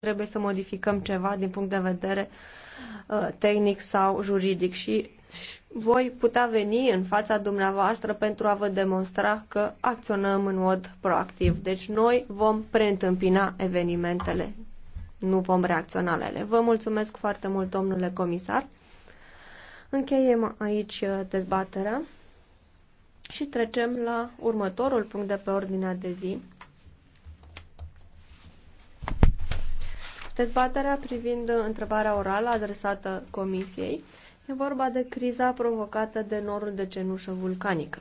trebuie să modificăm ceva din punct de vedere uh, tehnic sau juridic și voi putea veni în fața dumneavoastră pentru a vă demonstra că acționăm în mod proactiv. Deci noi vom preîntâmpina evenimentele, nu vom reacționa la ele. Vă mulțumesc foarte mult, domnule comisar. Încheiem aici uh, dezbaterea și trecem la următorul punct de pe ordinea de zi. Dezbaterea privind întrebarea orală adresată Comisiei e vorba de criza provocată de norul de cenușă vulcanică.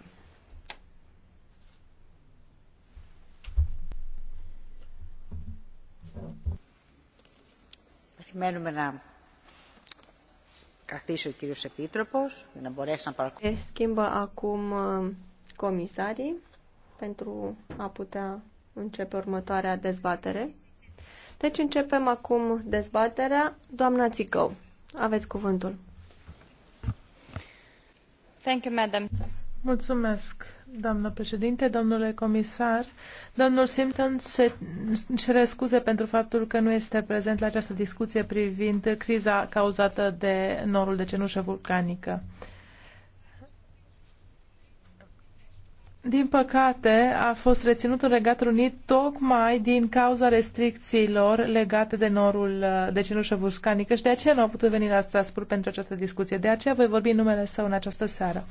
Περιμένουμε Schimbă acum uh, comisarii pentru a putea începe următoarea dezbatere. Deci începem acum dezbaterea. Doamna Țicău, aveți cuvântul. Thank you, madam. Mulțumesc, doamnă președinte, domnule comisar. Domnul Simpson se cere scuze pentru faptul că nu este prezent la această discuție privind criza cauzată de norul de cenușă vulcanică. Uh, din păcate, a fost reținut în Regatul Unit tocmai din cauza restricțiilor legate de norul de cenușă vulcanică și de aceea nu a putut veni la Strasburg pentru această discuție. De aceea voi vorbi numele său în această seară.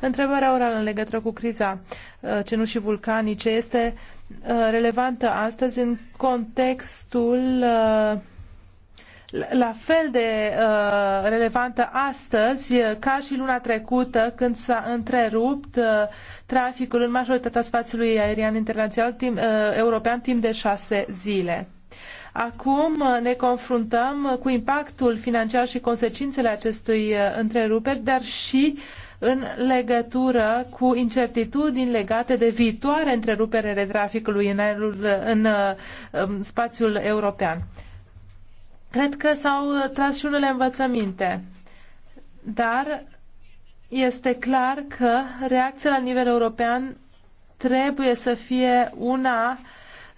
Întrebarea orală în legătură cu criza uh, cenușii vulcanice este uh, relevantă astăzi în contextul uh, la fel de relevantă astăzi ca și luna trecută când s-a întrerupt traficul în majoritatea spațiului aerian internațional timp, uh, european timp de șase zile. Acum uh, ne confruntăm cu impactul financiar și consecințele acestui uh, întreruperi, dar și în legătură cu incertitudini legate de viitoare întreruperele traficului în, aerul, în, în um, spațiul european. Cred că s-au tras și unele învățăminte, dar este clar că reacția la nivel european trebuie să fie una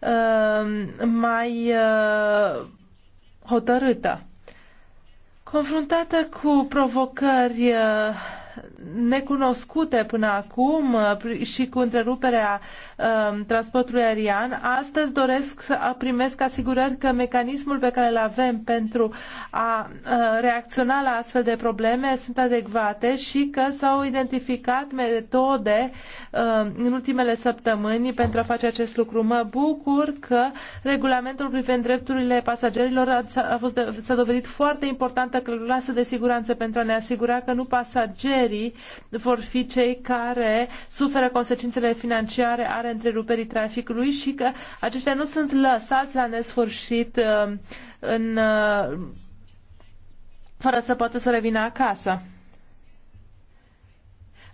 uh, mai uh, hotărâtă. Confruntată cu provocări uh, necunoscute până acum uh, și cu întreruperea um, transportului aerian. Astăzi doresc să primesc asigurări că mecanismul pe care îl avem pentru a uh, reacționa la astfel de probleme sunt adecvate și că s-au identificat metode um, în ultimele săptămâni pentru a face acest lucru. Mă bucur că regulamentul privind drepturile pasagerilor a fost, s-a dovedit foarte importantă lasă de siguranță pentru a ne asigura că nu pasagerii vor fi cei care suferă consecințele financiare ale întreruperii traficului și că aceștia nu sunt lăsați la nesfârșit uh, în, uh, fără să poată să revină acasă.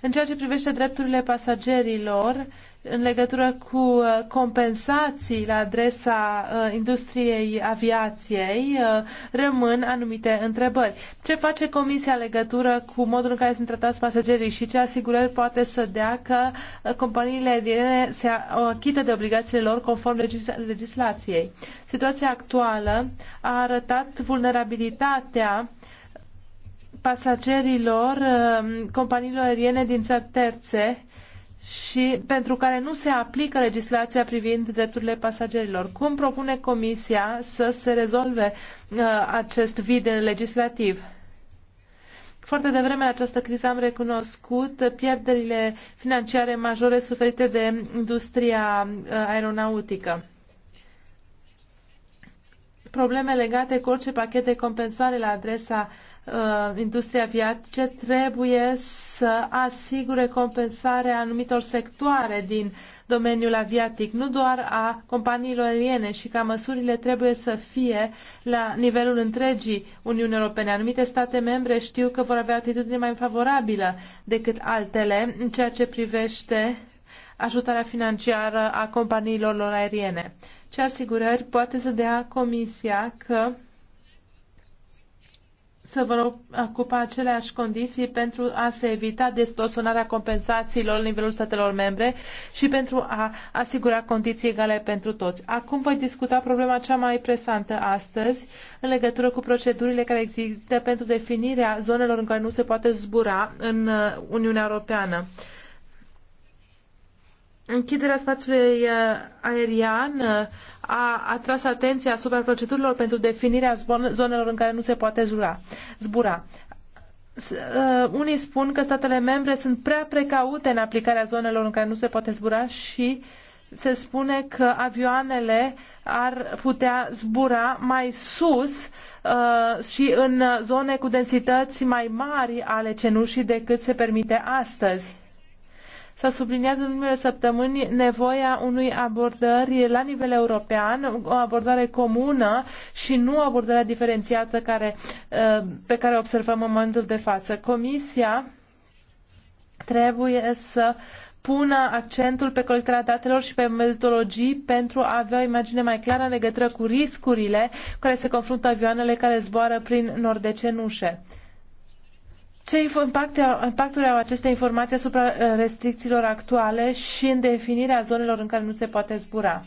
În ceea ce privește drepturile pasagerilor, în legătură cu uh, compensații la adresa uh, industriei aviației, uh, rămân anumite întrebări. Ce face Comisia în legătură cu modul în care sunt tratați pasagerii și ce asigurări poate să dea că companiile aeriene se achită de obligațiile lor conform legislației? Situația actuală a arătat vulnerabilitatea pasagerilor companiilor aeriene din țări terțe și pentru care nu se aplică legislația privind drepturile pasagerilor. Cum propune Comisia să se rezolve uh, acest vid legislativ? Foarte devreme în această criză am recunoscut pierderile financiare majore suferite de industria uh, aeronautică. Probleme legate cu orice pachet de compensare la adresa uh, uh, aviatică aviatice trebuie să asigure compensarea anumitor sectoare din domeniul aviatic, nu doar a companiilor aeriene și ca măsurile trebuie să fie la nivelul întregii Uniunii Europene. Anumite state membre știu că vor avea atitudine mai favorabilă decât altele în ceea ce privește ajutarea financiară a companiilor lor aeriene. Ce asigurări poate să dea Comisia că să vă rog ocupa aceleași condiții pentru a se evita distorsionarea compensațiilor la nivelul statelor membre și pentru a asigura condiții egale pentru toți. Acum voi discuta problema cea mai presantă astăzi în legătură cu procedurile care există pentru definirea zonelor în care nu se poate zbura în uh, Uniunea Europeană. Închiderea spațiului uh, aerian uh, a atras atenția asupra procedurilor pentru definirea zonelor în care nu se poate zura, zbura. Uh, unii spun că statele membre sunt prea precaute în aplicarea zonelor în care nu se poate zbura și se spune că avioanele ar putea zbura mai sus și în zone cu densități mai mari ale cenușii decât se permite astăzi S-a subliniat în ultimele săptămâni nevoia unui abordări la nivel european, o abordare comună și nu o abordare diferențiată care, uh, pe care o observăm în momentul de față. Comisia trebuie să pună accentul pe colectarea datelor și pe metodologii pentru a avea o imagine mai clară în legătură cu riscurile cu care se confruntă avioanele care zboară prin nord de cenușe. Ce impact, impacturi au aceste informații asupra uh, restricțiilor actuale și în definirea zonelor în care nu se poate zbura?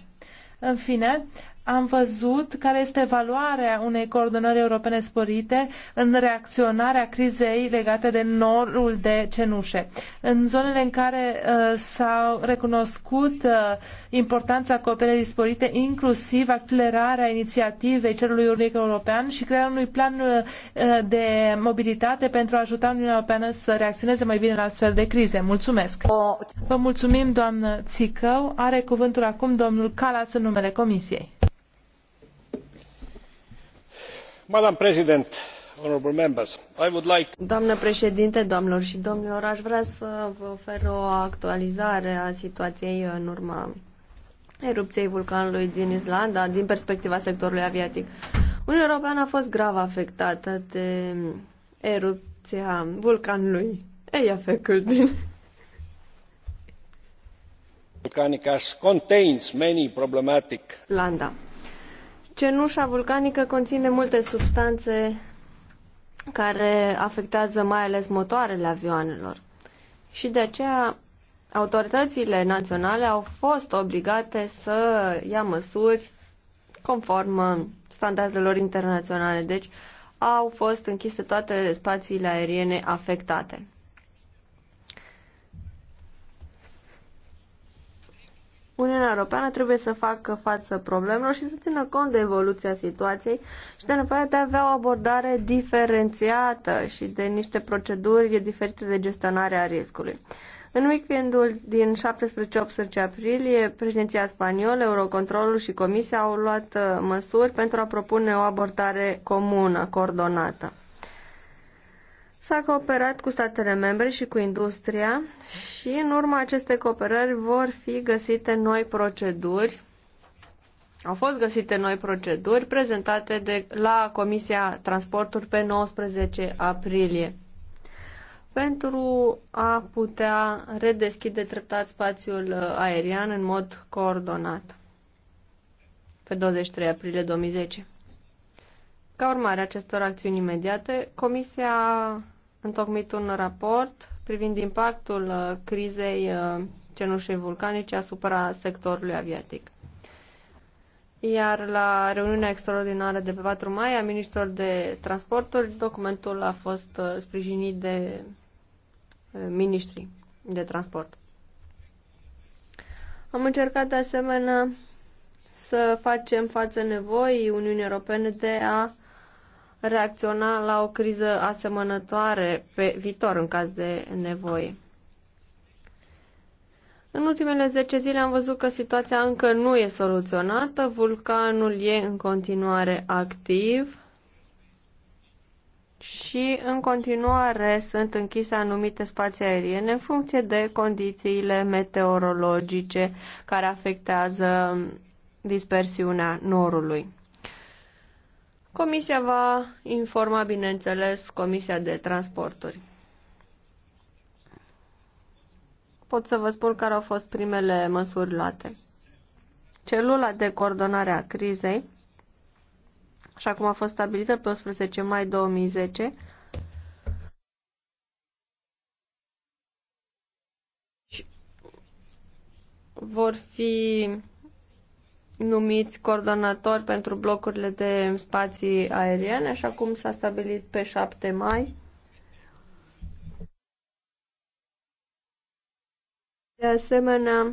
În fine, am văzut care este valoarea unei coordonări europene sporite în reacționarea crizei legate de norul de cenușe. În zonele în care uh, s-a recunoscut uh, importanța cooperării sporite, inclusiv accelerarea inițiativei cerului unic european și crearea unui plan uh, de mobilitate pentru a ajuta Uniunea Europeană să reacționeze mai bine la astfel de crize. Mulțumesc! Vă mulțumim, doamnă Țicău. Are cuvântul acum domnul Calas în numele Comisiei doamnă președinte doamnelor și domnilor aș vrea să vă ofer o actualizare a situației în urma erupției vulcanului din Islanda din perspectiva sectorului aviatic. Uniunea Europeană a fost grav afectată de erupția vulcanului Eyjafjallajökull volcanic contains many problematic Islanda. Cenușa vulcanică conține multe substanțe care afectează mai ales motoarele avioanelor. Și de aceea autoritățile naționale au fost obligate să ia măsuri conform standardelor internaționale. Deci au fost închise toate spațiile aeriene afectate. Uniunea Europeană trebuie să facă față problemelor și să țină cont de evoluția situației și de nevoia de a avea o abordare diferențiată și de niște proceduri diferite de gestionare a riscului. În weekendul din 17-18 aprilie, președinția spaniolă, Eurocontrolul și Comisia au luat uh, măsuri pentru a propune o abordare comună, coordonată. S-a cooperat cu statele membre și cu industria și în urma acestei cooperări vor fi găsite noi proceduri. Au fost găsite noi proceduri prezentate de, la Comisia Transporturi pe 19 aprilie pentru a putea redeschide treptat spațiul uh, aerian în mod coordonat pe 23 aprilie 2010. Ca urmare a acestor acțiuni imediate, Comisia întocmit un raport privind impactul uh, crizei uh, cenușei vulcanice asupra sectorului aviatic. Iar la reuniunea extraordinară de pe 4 mai a ministrilor de transporturi, documentul a fost uh, sprijinit de ministrii de transport. Am încercat de asemenea să facem față nevoii Uniunii Europene de a reacționa la o criză asemănătoare pe viitor în caz de nevoie. În ultimele 10 zile am văzut că situația încă nu e soluționată, vulcanul e în continuare activ și în continuare sunt închise anumite spații aeriene în funcție de condițiile meteorologice care afectează dispersiunea norului. Comisia va informa, bineînțeles, Comisia de Transporturi. Pot să vă spun care au fost primele măsuri luate. Celula de coordonare a crizei, așa cum a fost stabilită pe 11 mai 2010, vor fi numiți coordonatori pentru blocurile de spații aeriene, așa cum s-a stabilit pe 7 mai. De asemenea,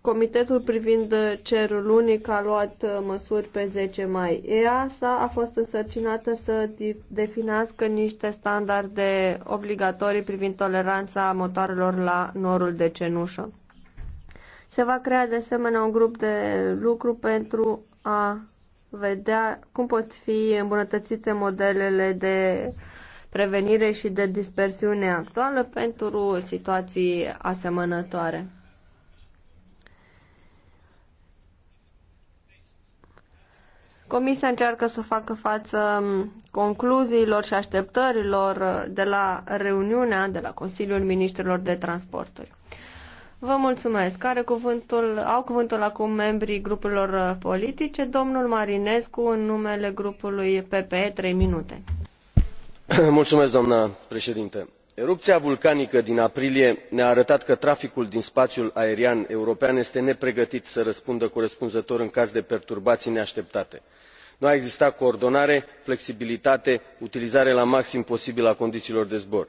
Comitetul privind cerul unic a luat uh, măsuri pe 10 mai. EASA a fost însărcinată să definească niște standarde obligatorii privind toleranța motoarelor la norul de cenușă. Se va crea de asemenea un grup de lucru pentru a vedea cum pot fi îmbunătățite modelele de prevenire și de dispersiune actuală pentru situații asemănătoare. Comisia încearcă să facă față concluziilor și așteptărilor de la reuniunea de la Consiliul Ministrilor de Transporturi. Vă mulțumesc. Are cuvântul, au cuvântul acum membrii grupurilor uh, politice. Domnul Marinescu, în numele grupului PPE, 3 minute. Mulțumesc, doamna președinte. Erupția vulcanică din aprilie ne-a arătat că traficul din spațiul aerian european este nepregătit să răspundă corespunzător în caz de perturbații neașteptate. Nu a existat coordonare, flexibilitate, utilizare la maxim posibil a condițiilor de zbor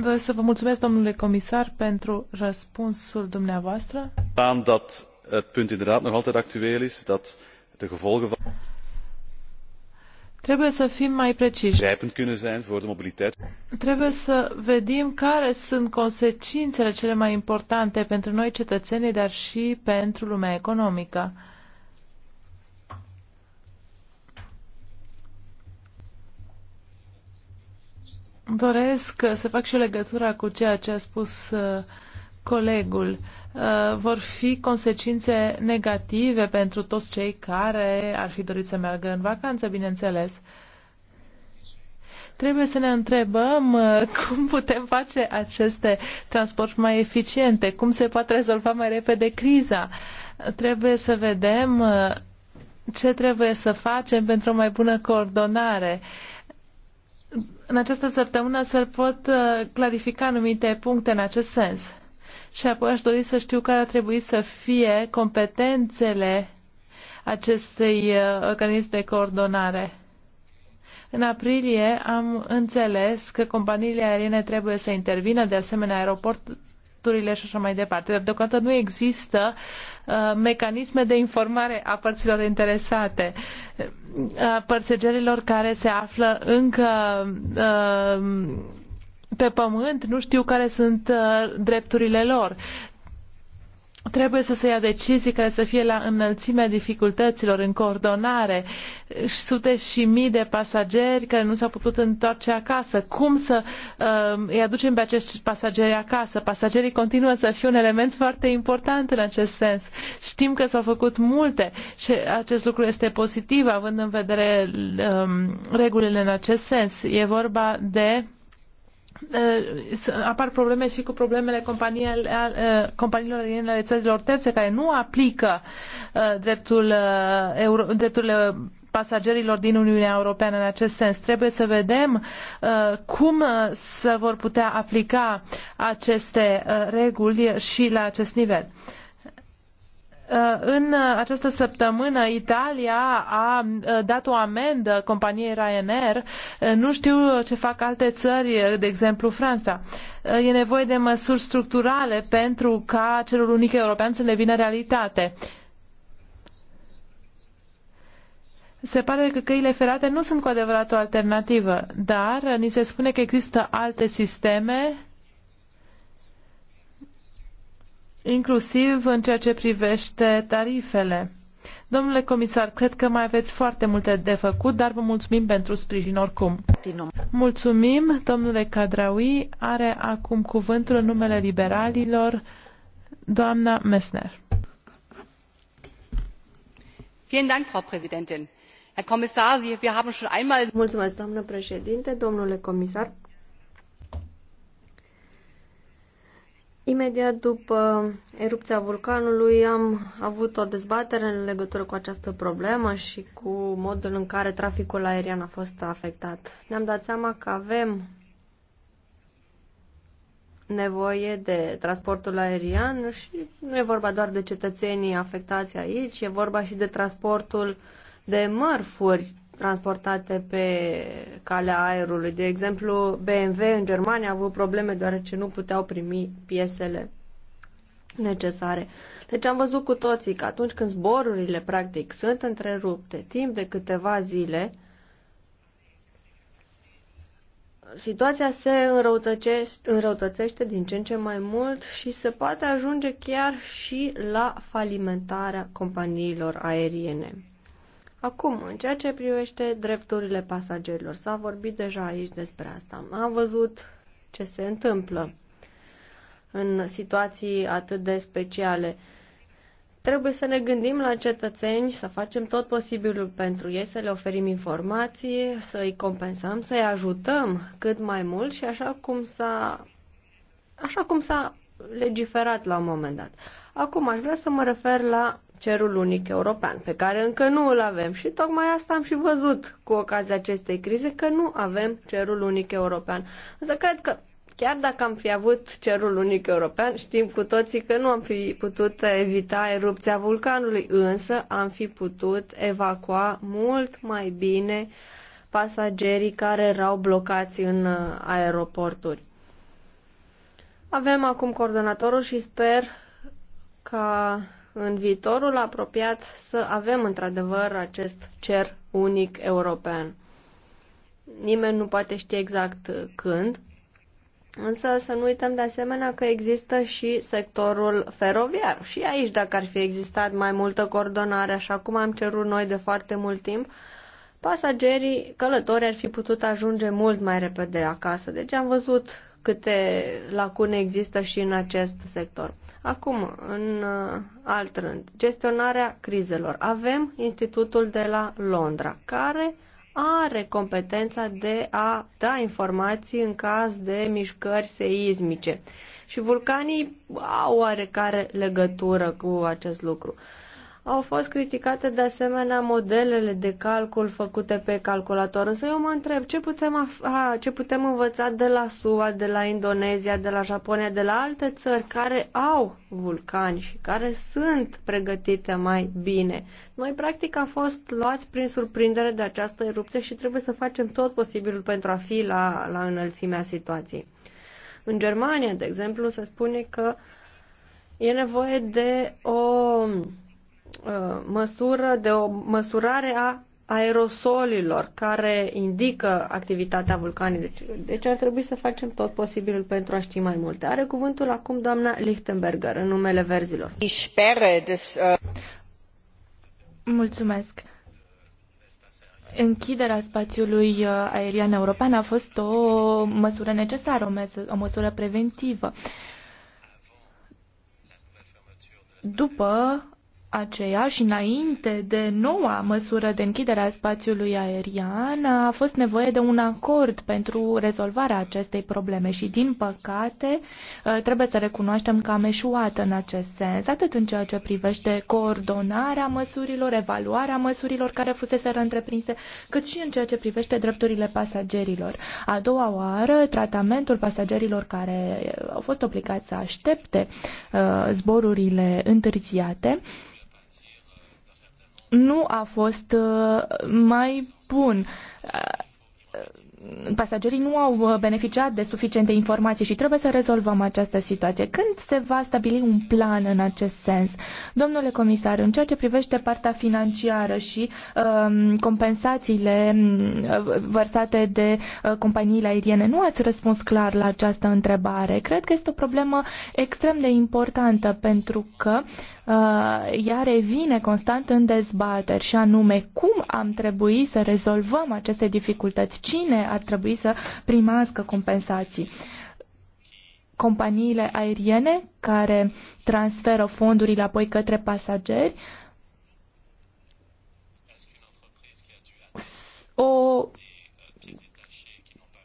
Doresc să vă mulțumesc, domnule comisar, pentru răspunsul dumneavoastră. Aan dat het punt inderdaad nog altijd actueel is, dat de gevolgen van... Trebuie să fim mai preciși. Grijpend kunnen zijn voor de mobiliteit. Trebuie să vedem care sunt consecințele cele mai importante pentru noi cetățenii, dar și pentru lumea economică. Doresc să fac și legătură cu ceea ce a spus uh, colegul. Uh, vor fi consecințe negative pentru toți cei care ar fi dorit să meargă în vacanță, bineînțeles. Trebuie să ne întrebăm uh, cum putem face aceste transporturi mai eficiente, cum se poate rezolva mai repede criza. Trebuie să vedem ce trebuie să facem pentru o mai bună coordonare. Uh, în această săptămână să pot uh, clarifica anumite puncte în acest sens. Și apoi aș dori să știu care ar trebui să fie competențele acestui uh, organism de coordonare. În aprilie am înțeles că companiile aeriene trebuie să intervină, de asemenea aeroporturile și așa mai departe, dar deocamdată nu există Uh, mecanisme de informare a părților interesate, uh, a care se află încă uh, pe pământ, nu știu care sunt drepturile lor trebuie să se ia decizii care să fie la înălțimea dificultăților în coordonare. Sute și mii de pasageri care nu s-au putut întoarce acasă. Cum să uh, îi aducem pe acești pasageri acasă? Pasagerii continuă să fie un element foarte important în acest sens. Știm că s-au făcut multe și acest lucru este pozitiv având în vedere um, regulile în acest sens. E vorba de Eh, apar probleme și cu problemele eh, companiilor aeriene ale țărilor terțe care nu aplică eh, dreptul, drepturile pasagerilor din Uniunea Europeană în acest sens. Trebuie să vedem cum se vor putea aplica aceste reguli și la acest nivel. Uh, în uh, această săptămână, Italia a uh, dat o amendă companiei Ryanair. Nu știu ce fac alte țări, de exemplu Franța. E nevoie de măsuri structurale pentru ca celor unic european să devină realitate. Se pare că căile ferate nu sunt cu adevărat o alternativă, dar ni se spune că există alte sisteme inclusiv în ceea ce privește tarifele. Domnule comisar, cred că mai aveți foarte multe de făcut, dar vă mulțumim pentru sprijin oricum. Mulțumim, domnule Cadraui. Are acum cuvântul în numele liberalilor, doamna Messner. Vielen Dank, Frau Präsidentin. Herr Kommissar, Sie, wir haben schon einmal... Mulțumesc, doamnă președinte, domnule comisar. Imediat după erupția vulcanului am avut o dezbatere în legătură cu această problemă și cu modul în care traficul aerian a fost afectat. Ne-am dat seama că avem nevoie de transportul aerian și nu e vorba doar de cetățenii afectați aici, e vorba și de transportul de mărfuri transportate pe calea aerului. De exemplu, BMW în Germania a avut probleme deoarece nu puteau primi piesele necesare. Deci am văzut cu toții că atunci când zborurile practic sunt întrerupte timp de câteva zile, situația se înrăutățește, înrăutățește din ce în ce mai mult și se poate ajunge chiar și la falimentarea companiilor aeriene. Acum, în ceea ce privește drepturile pasagerilor, s-a vorbit deja aici despre asta. Am văzut ce se întâmplă în situații atât de speciale. Trebuie să ne gândim la cetățeni, să facem tot posibilul pentru ei, să le oferim informații, să-i compensăm, să-i ajutăm cât mai mult și așa cum s-a, așa cum s-a legiferat la un moment dat. Acum aș vrea să mă refer la cerul unic european, pe care încă nu îl avem. Și tocmai asta am și văzut cu ocazia acestei crize, că nu avem cerul unic european. Însă cred că chiar dacă am fi avut cerul unic european, știm cu toții că nu am fi putut evita erupția vulcanului, însă am fi putut evacua mult mai bine pasagerii care erau blocați în uh, aeroporturi. Avem acum coordonatorul și sper ca în viitorul apropiat să avem într-adevăr acest cer unic european. Nimeni nu poate ști exact când, însă să nu uităm de asemenea că există și sectorul feroviar. Și aici, dacă ar fi existat mai multă coordonare, așa cum am cerut noi de foarte mult timp, pasagerii, călători ar fi putut ajunge mult mai repede acasă. Deci am văzut câte lacune există și în acest sector. Acum, în uh, alt rând, gestionarea crizelor. Avem Institutul de la Londra, care are competența de a da informații în caz de mișcări seismice. Și vulcanii au oarecare legătură cu acest lucru. Uh, au fost criticate de asemenea modelele de calcul făcute pe calculator. Însă eu mă întreb ce putem, afla, ce putem învăța de la SUA, de la Indonezia, de la Japonia, de la alte țări care au vulcani și care sunt pregătite mai bine. Noi practic am fost luați prin surprindere de această erupție și trebuie să facem tot posibilul pentru a fi la, la înălțimea situației. În Germania, de exemplu, se spune că e nevoie de o Uh, măsură de o măsurare a aerosolilor care indică activitatea vulcanului. Deci, deci ar trebui să facem tot posibilul pentru a ști mai multe. Are cuvântul acum doamna Lichtenberger în numele verzilor. Uh, Mulțumesc. Închiderea spațiului uh, aerian european a fost o măsură necesară, o, o măsură preventivă. După aceea și înainte de noua măsură de închidere a spațiului aerian a fost nevoie de un acord pentru rezolvarea acestei probleme și, din păcate, ă, trebuie să recunoaștem că am eșuat în acest sens, atât în ceea ce privește coordonarea măsurilor, evaluarea măsurilor care fusese întreprinse, cât și în ceea ce privește drepturile pasagerilor. A doua oară, tratamentul pasagerilor care au fost obligați să aștepte ă, zborurile întârziate nu a fost uh, mai bun uh, pasagerii nu au uh, beneficiat de suficiente informații și trebuie să rezolvăm această situație. Când se va stabili un plan în acest sens? Domnule comisar, în ceea ce privește partea financiară și um, compensațiile mm, vărsate de uh, companiile aeriene, nu ați răspuns clar la această întrebare. Cred că este o problemă extrem de importantă pentru că Uh, ea revine constant în dezbateri și anume cum am trebui să rezolvăm aceste dificultăți, cine ar trebui să primească compensații companiile aeriene care transferă fondurile apoi către pasageri, o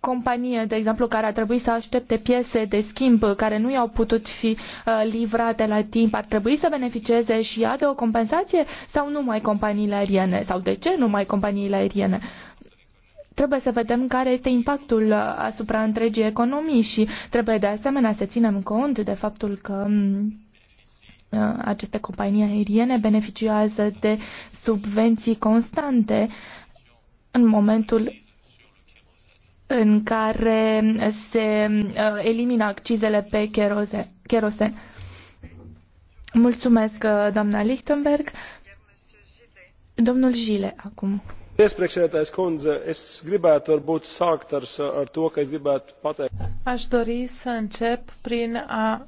companie, de exemplu, care a trebuit să aștepte piese de schimb care nu i-au putut fi uh, livrate la timp, ar trebui să beneficieze și ea de o compensație sau numai companiile aeriene? Sau de ce numai companiile aeriene? Trebuie să vedem care este impactul uh, asupra întregii economii și trebuie de asemenea să ținem cont de faptul că mm, uh, aceste companii aeriene beneficiază de subvenții constante în momentul în care se uh, elimină accizele pe cherosen. Mulțumesc, uh, doamna Lichtenberg. Domnul Jile, acum. Iespriekšētais kundze, es gribētu varbūt sākt ar, ar to, ka es gribētu pateikt. Aș dori să încep prin a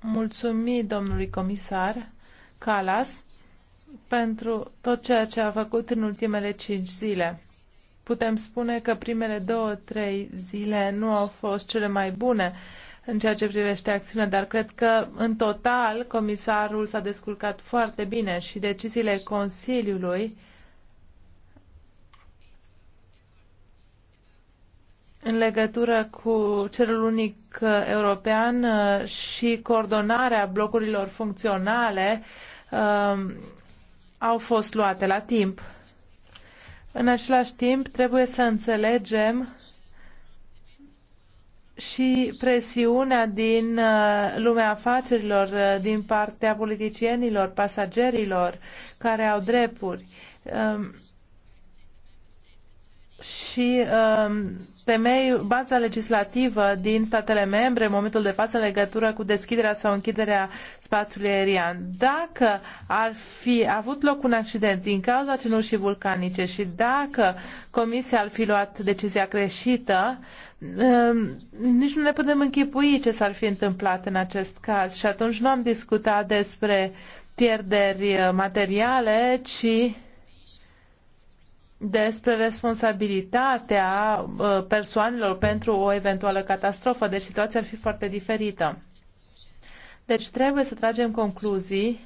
mulțumi domnului comisar Calas pentru tot ceea ce a făcut în ultimele cinci zile putem spune că primele două, trei zile nu au fost cele mai bune în ceea ce privește acțiunea, dar cred că în total comisarul s-a descurcat foarte bine și deciziile Consiliului în legătură cu cerul unic uh, european uh, și coordonarea blocurilor funcționale uh, au fost luate la timp. În același timp, trebuie să înțelegem și presiunea din uh, lumea afacerilor, uh, din partea politicienilor, pasagerilor care au drepturi. Um, și um, temei, baza legislativă din statele membre în momentul de față în legătură cu deschiderea sau închiderea spațiului aerian. Dacă ar fi avut loc un accident din cauza cenușii vulcanice și dacă Comisia ar fi luat decizia greșită, um, nici nu ne putem închipui ce s-ar fi întâmplat în acest caz și atunci nu am discutat despre pierderi uh, materiale, ci despre responsabilitatea uh, persoanelor pentru o eventuală catastrofă, deci situația ar fi foarte diferită. Deci trebuie să tragem concluzii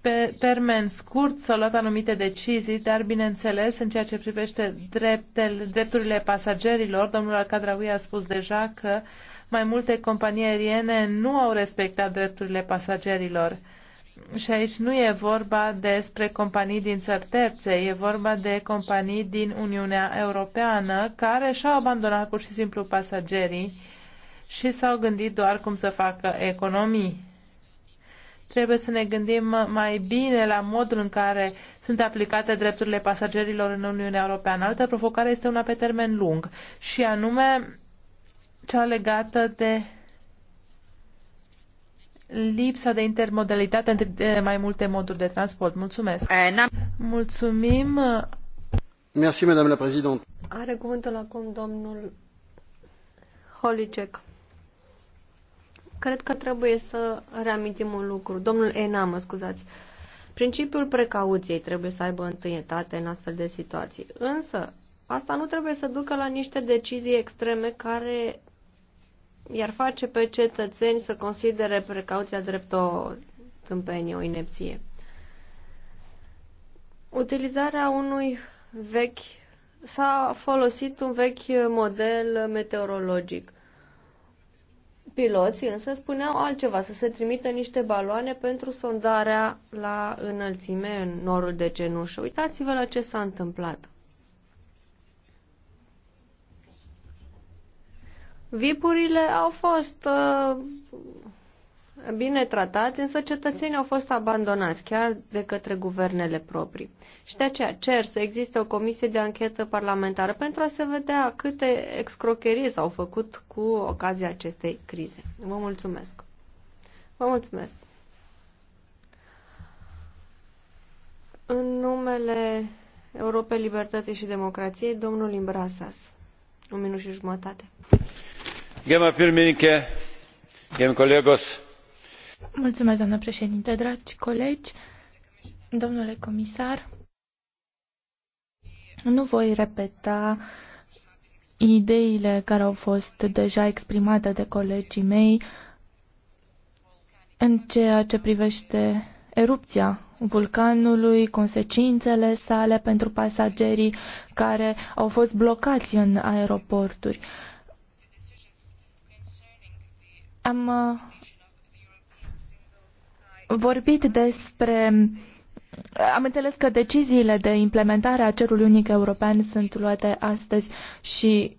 pe termen scurt s-au luat anumite decizii, dar bineînțeles, în ceea ce privește dreptele, drepturile pasagerilor, domnul Alcadraui a spus deja că mai multe companii aeriene nu au respectat drepturile pasagerilor și aici nu e vorba despre companii din țări terțe, e vorba de companii din Uniunea Europeană care și-au abandonat pur și simplu pasagerii și s-au gândit doar cum să facă economii. Trebuie să ne gândim mai bine la modul în care sunt aplicate drepturile pasagerilor în Uniunea Europeană. Altă provocare este una pe termen lung și anume cea legată de lipsa de intermodalitate între mai multe moduri de transport. Mulțumesc. Eh, Mulțumim. Merci, Madame la Présidente. Are cuvântul acum domnul Holicek. Cred că trebuie să reamintim un lucru. Domnul Enam, scuzați. Principiul precauției trebuie să aibă întâietate în astfel de situații. Însă, asta nu trebuie să ducă la niște decizii extreme care iar face pe cetățeni să considere precauția drept o tâmpenie, o inepție. Utilizarea unui vechi s-a folosit un vechi model meteorologic. Piloții însă spuneau altceva, să se trimită niște baloane pentru sondarea la înălțime în norul de cenușă. Uitați-vă la ce s-a întâmplat. Vipurile au fost uh, bine tratați, însă cetățenii au fost abandonați chiar de către guvernele proprii. Și de aceea cer să existe o comisie de anchetă parlamentară pentru a se vedea câte excrocherii s-au făcut cu ocazia acestei crize. Vă mulțumesc! Vă mulțumesc! În numele Europei Libertății și Democrației, domnul Imbrasas. Un minut și jumătate. Gema pirmininke, gem colegos. Mulțumesc, doamnă președinte, dragi colegi, domnule comisar. Nu voi repeta ideile care au fost deja exprimate de colegii mei în ceea ce privește erupția vulcanului, consecințele sale pentru pasagerii care au fost blocați în aeroporturi. Am uh, vorbit despre am înțeles că deciziile de implementare a cerului unic european sunt luate astăzi și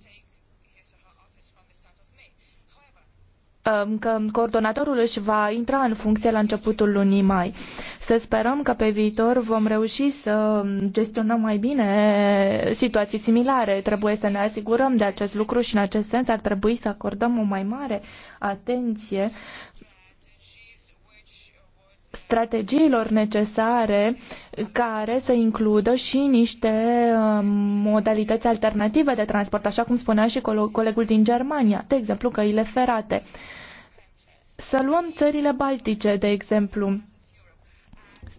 Um, că coordonatorul își va intra în funcție la începutul lunii mai. Să sperăm că pe viitor vom reuși să gestionăm mai bine situații similare. Trebuie să ne asigurăm de acest lucru și în acest sens ar trebui să acordăm o mai mare atenție strategiilor necesare care să includă și niște um, modalități alternative de transport, așa cum spunea și colegul din Germania, de exemplu căile ferate. Să luăm țările baltice, de exemplu.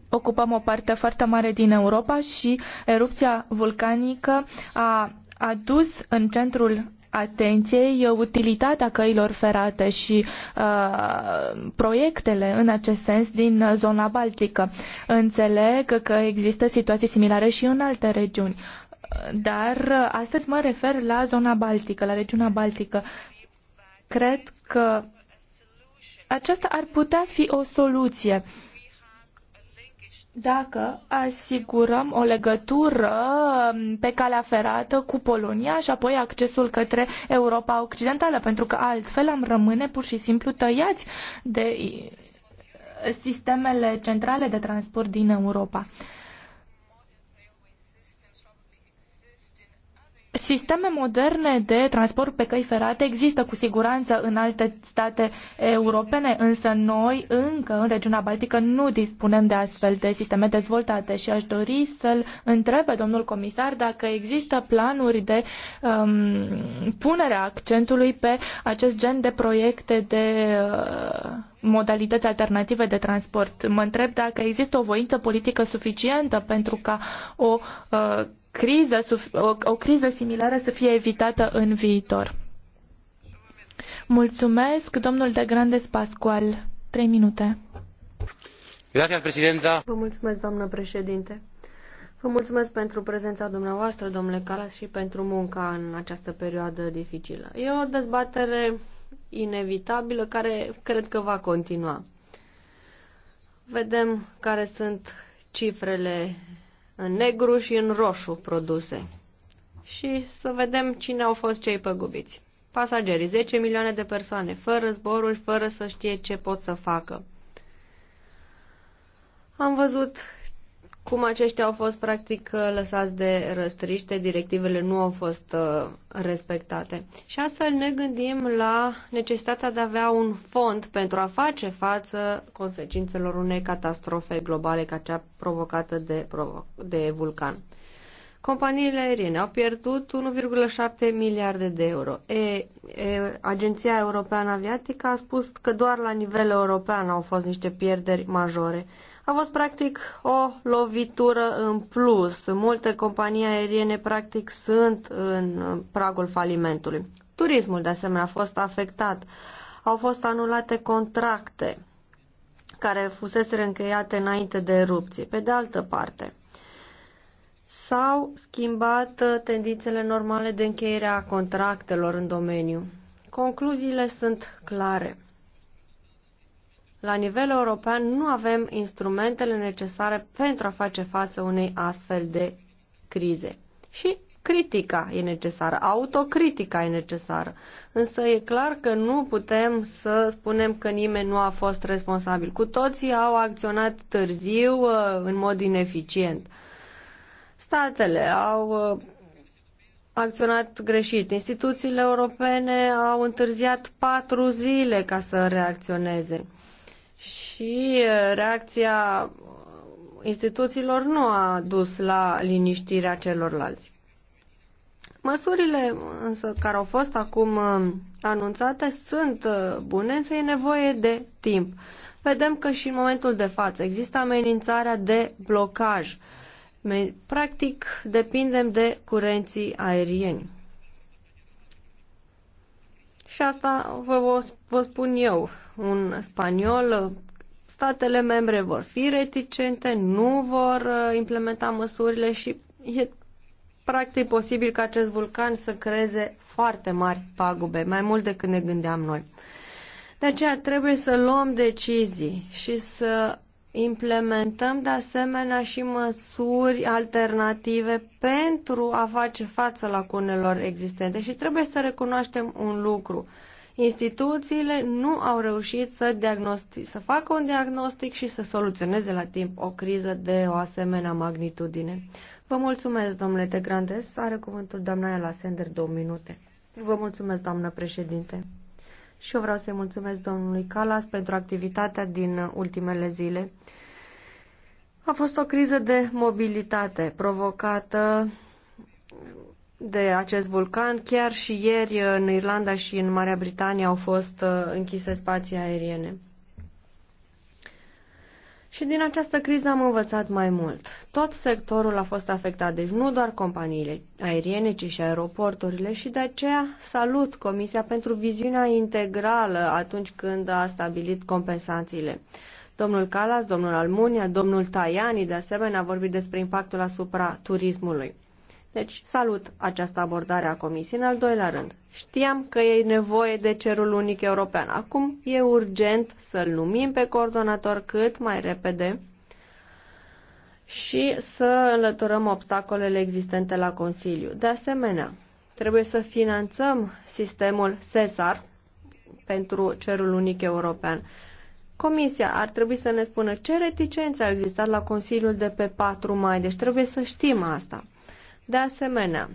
Ocupăm o parte foarte mare din Europa și erupția vulcanică a adus în centrul atenției utilitatea căilor ferate și uh, proiectele în acest sens din zona baltică. Înțeleg că există situații similare și în alte regiuni, dar astăzi mă refer la zona baltică, la regiunea baltică. Cred că aceasta ar putea fi o soluție dacă asigurăm o legătură um, pe calea ferată cu Polonia și apoi accesul către Europa Occidentală, pentru că altfel am rămâne pur și simplu tăiați de sistemele centrale de transport din Europa. Sisteme moderne de transport pe căi ferate există cu siguranță în alte state europene, însă noi încă în regiunea Baltică nu dispunem de astfel de sisteme dezvoltate și aș dori să-l pe domnul comisar dacă există planuri de um, punere a accentului pe acest gen de proiecte de uh, modalități alternative de transport. Mă întreb dacă există o voință politică suficientă pentru ca o uh, criză, o, o criză similară să fie evitată în viitor. Mulțumesc, domnul de Grandes Pascual. Trei minute. Vă mulțumesc, doamnă președinte. Vă mulțumesc pentru prezența dumneavoastră, domnule Calas, și pentru munca în această perioadă dificilă. E o dezbatere inevitabilă care cred că va continua. Vedem care sunt cifrele în negru și în roșu produse. Și să vedem cine au fost cei păgubiți. Pasagerii, 10 milioane de persoane, fără zboruri, fără să știe ce pot să facă. Am văzut cum aceștia au fost practic uh, lăsați de răstriște, directivele nu au fost uh, respectate. Și astfel ne gândim la necesitatea de a avea un fond pentru a face față consecințelor unei catastrofe globale ca cea provocată de, de vulcan. Companiile aeriene au pierdut 1,7 miliarde de euro. E, e, Agenția Europeană Aviatică a spus că doar la nivel european au fost niște pierderi majore a fost practic o lovitură în plus. Multe companii aeriene practic sunt în pragul falimentului. Turismul de asemenea a fost afectat. Au fost anulate contracte care fuseseră încheiate înainte de erupție. Pe de altă parte, s-au schimbat tendințele normale de încheiere a contractelor în domeniu. Concluziile sunt clare la nivel european nu avem instrumentele necesare pentru a face față unei astfel de crize. Și critica e necesară, autocritica e necesară. Însă e clar că nu putem să spunem că nimeni nu a fost responsabil. Cu toții au acționat târziu, uh, în mod ineficient. Statele au uh, acționat greșit. Instituțiile europene au întârziat patru zile ca să reacționeze și uh, reacția instituțiilor nu a dus la liniștirea celorlalți. Măsurile însă care au fost acum uh, anunțate sunt uh, bune, însă e nevoie de timp. Vedem că și în momentul de față există amenințarea de blocaj. Practic depindem de curenții aerieni. Și asta vă, vă spun eu, un spaniol, statele membre vor fi reticente, nu vor uh, implementa măsurile și e practic posibil ca acest vulcan să creeze foarte mari pagube, mai mult decât ne gândeam noi. De aceea trebuie să luăm decizii și să Implementăm de asemenea și măsuri alternative pentru a face față lacunelor existente și trebuie să recunoaștem un lucru. Instituțiile nu au reușit să, diagnostic, să facă un diagnostic și să soluționeze la timp o criză de o asemenea magnitudine. Vă mulțumesc, domnule de Grandes. Are cuvântul doamna Ela Sender două minute. Vă mulțumesc, doamnă președinte și eu vreau să-i mulțumesc domnului Calas pentru activitatea din ultimele zile. A fost o criză de mobilitate provocată de acest vulcan. Chiar și ieri în Irlanda și în Marea Britanie au fost uh, închise spații aeriene. Și din această criză am învățat mai mult. Tot sectorul a fost afectat, deci nu doar companiile aeriene, ci și aeroporturile și de aceea salut Comisia pentru viziunea integrală atunci când a stabilit compensațiile. Domnul Calas, domnul Almunia, domnul Tajani, de asemenea, a vorbit despre impactul asupra turismului. Deci salut această abordare a Comisiei. În al doilea rând, Știam că e nevoie de cerul unic european. Acum e urgent să-l numim pe coordonator cât mai repede și să înlăturăm obstacolele existente la Consiliu. De asemenea, trebuie să finanțăm sistemul SESAR pentru cerul unic european. Comisia ar trebui să ne spună ce reticențe au existat la Consiliul de pe 4 mai, deci trebuie să știm asta. De asemenea,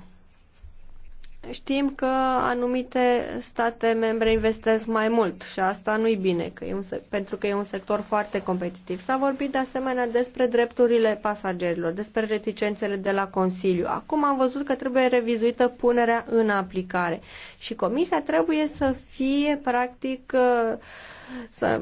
Știm că anumite state membre investesc mai mult și asta nu-i bine, că e un, pentru că e un sector foarte competitiv. S-a vorbit de asemenea despre drepturile pasagerilor, despre reticențele de la Consiliu. Acum am văzut că trebuie revizuită punerea în aplicare și Comisia trebuie să fie practic uh, să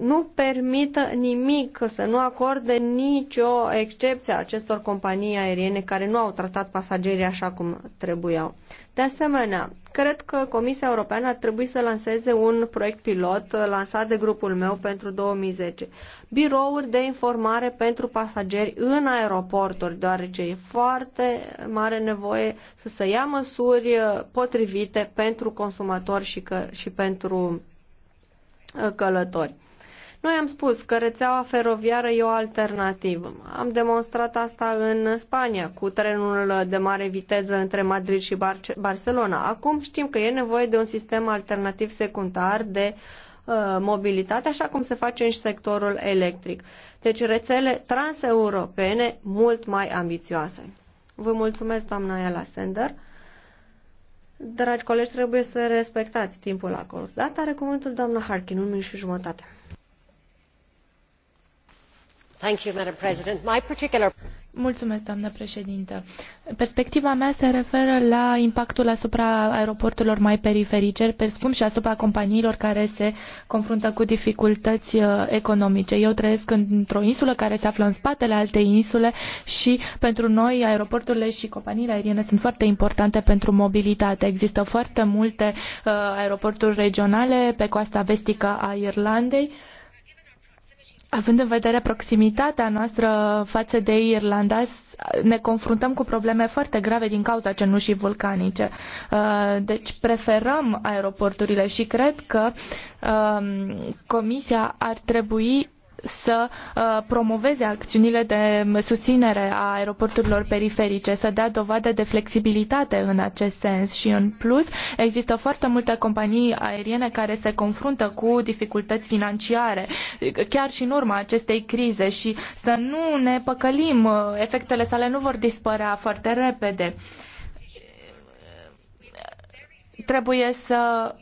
nu permită nimic, să nu acorde nicio excepție a acestor companii aeriene care nu au tratat pasagerii așa cum trebuiau. De asemenea, cred că Comisia Europeană ar trebui să lanseze un proiect pilot uh, lansat de grupul meu pentru 2010. Birouri de informare pentru pasageri în aeroporturi, deoarece e foarte mare nevoie să se ia măsuri uh, potrivite pentru consumatori și, că, și pentru Uh, călători. Noi am spus că rețeaua feroviară e o alternativă. Am demonstrat asta în Spania cu trenul de mare viteză între Madrid și Bar- Barcelona. Acum știm că e nevoie de un sistem alternativ secundar de uh, mobilitate, așa cum se face în sectorul electric. Deci rețele transeuropene mult mai ambițioase. Vă mulțumesc, doamna Ela Sender. Dragi colegi, trebuie să respectați timpul acolo. acordat. Are cuvântul doamna Harkin, un minut și jumătate. Thank you, Madam President. My particular... Mulțumesc, doamnă președintă. Perspectiva mea se referă la impactul asupra aeroporturilor mai periferice, pe scump și asupra companiilor care se confruntă cu dificultăți uh, economice. Eu trăiesc într-o insulă care se află în spatele altei insule și pentru noi aeroporturile și companiile aeriene sunt foarte importante pentru mobilitate. Există foarte multe uh, aeroporturi regionale pe coasta vestică a Irlandei. Uh, Având în vedere proximitatea noastră față de Irlanda, ne confruntăm cu probleme foarte grave din cauza cenușii vulcanice. Uh, deci preferăm aeroporturile și cred că um, Comisia ar trebui să uh, promoveze acțiunile de susținere a aeroporturilor periferice, să dea dovadă de flexibilitate în acest sens și în plus există foarte multe companii aeriene care se confruntă cu dificultăți financiare, chiar și în urma acestei crize și să nu ne păcălim, uh, efectele sale nu vor dispărea foarte repede. Trebuie să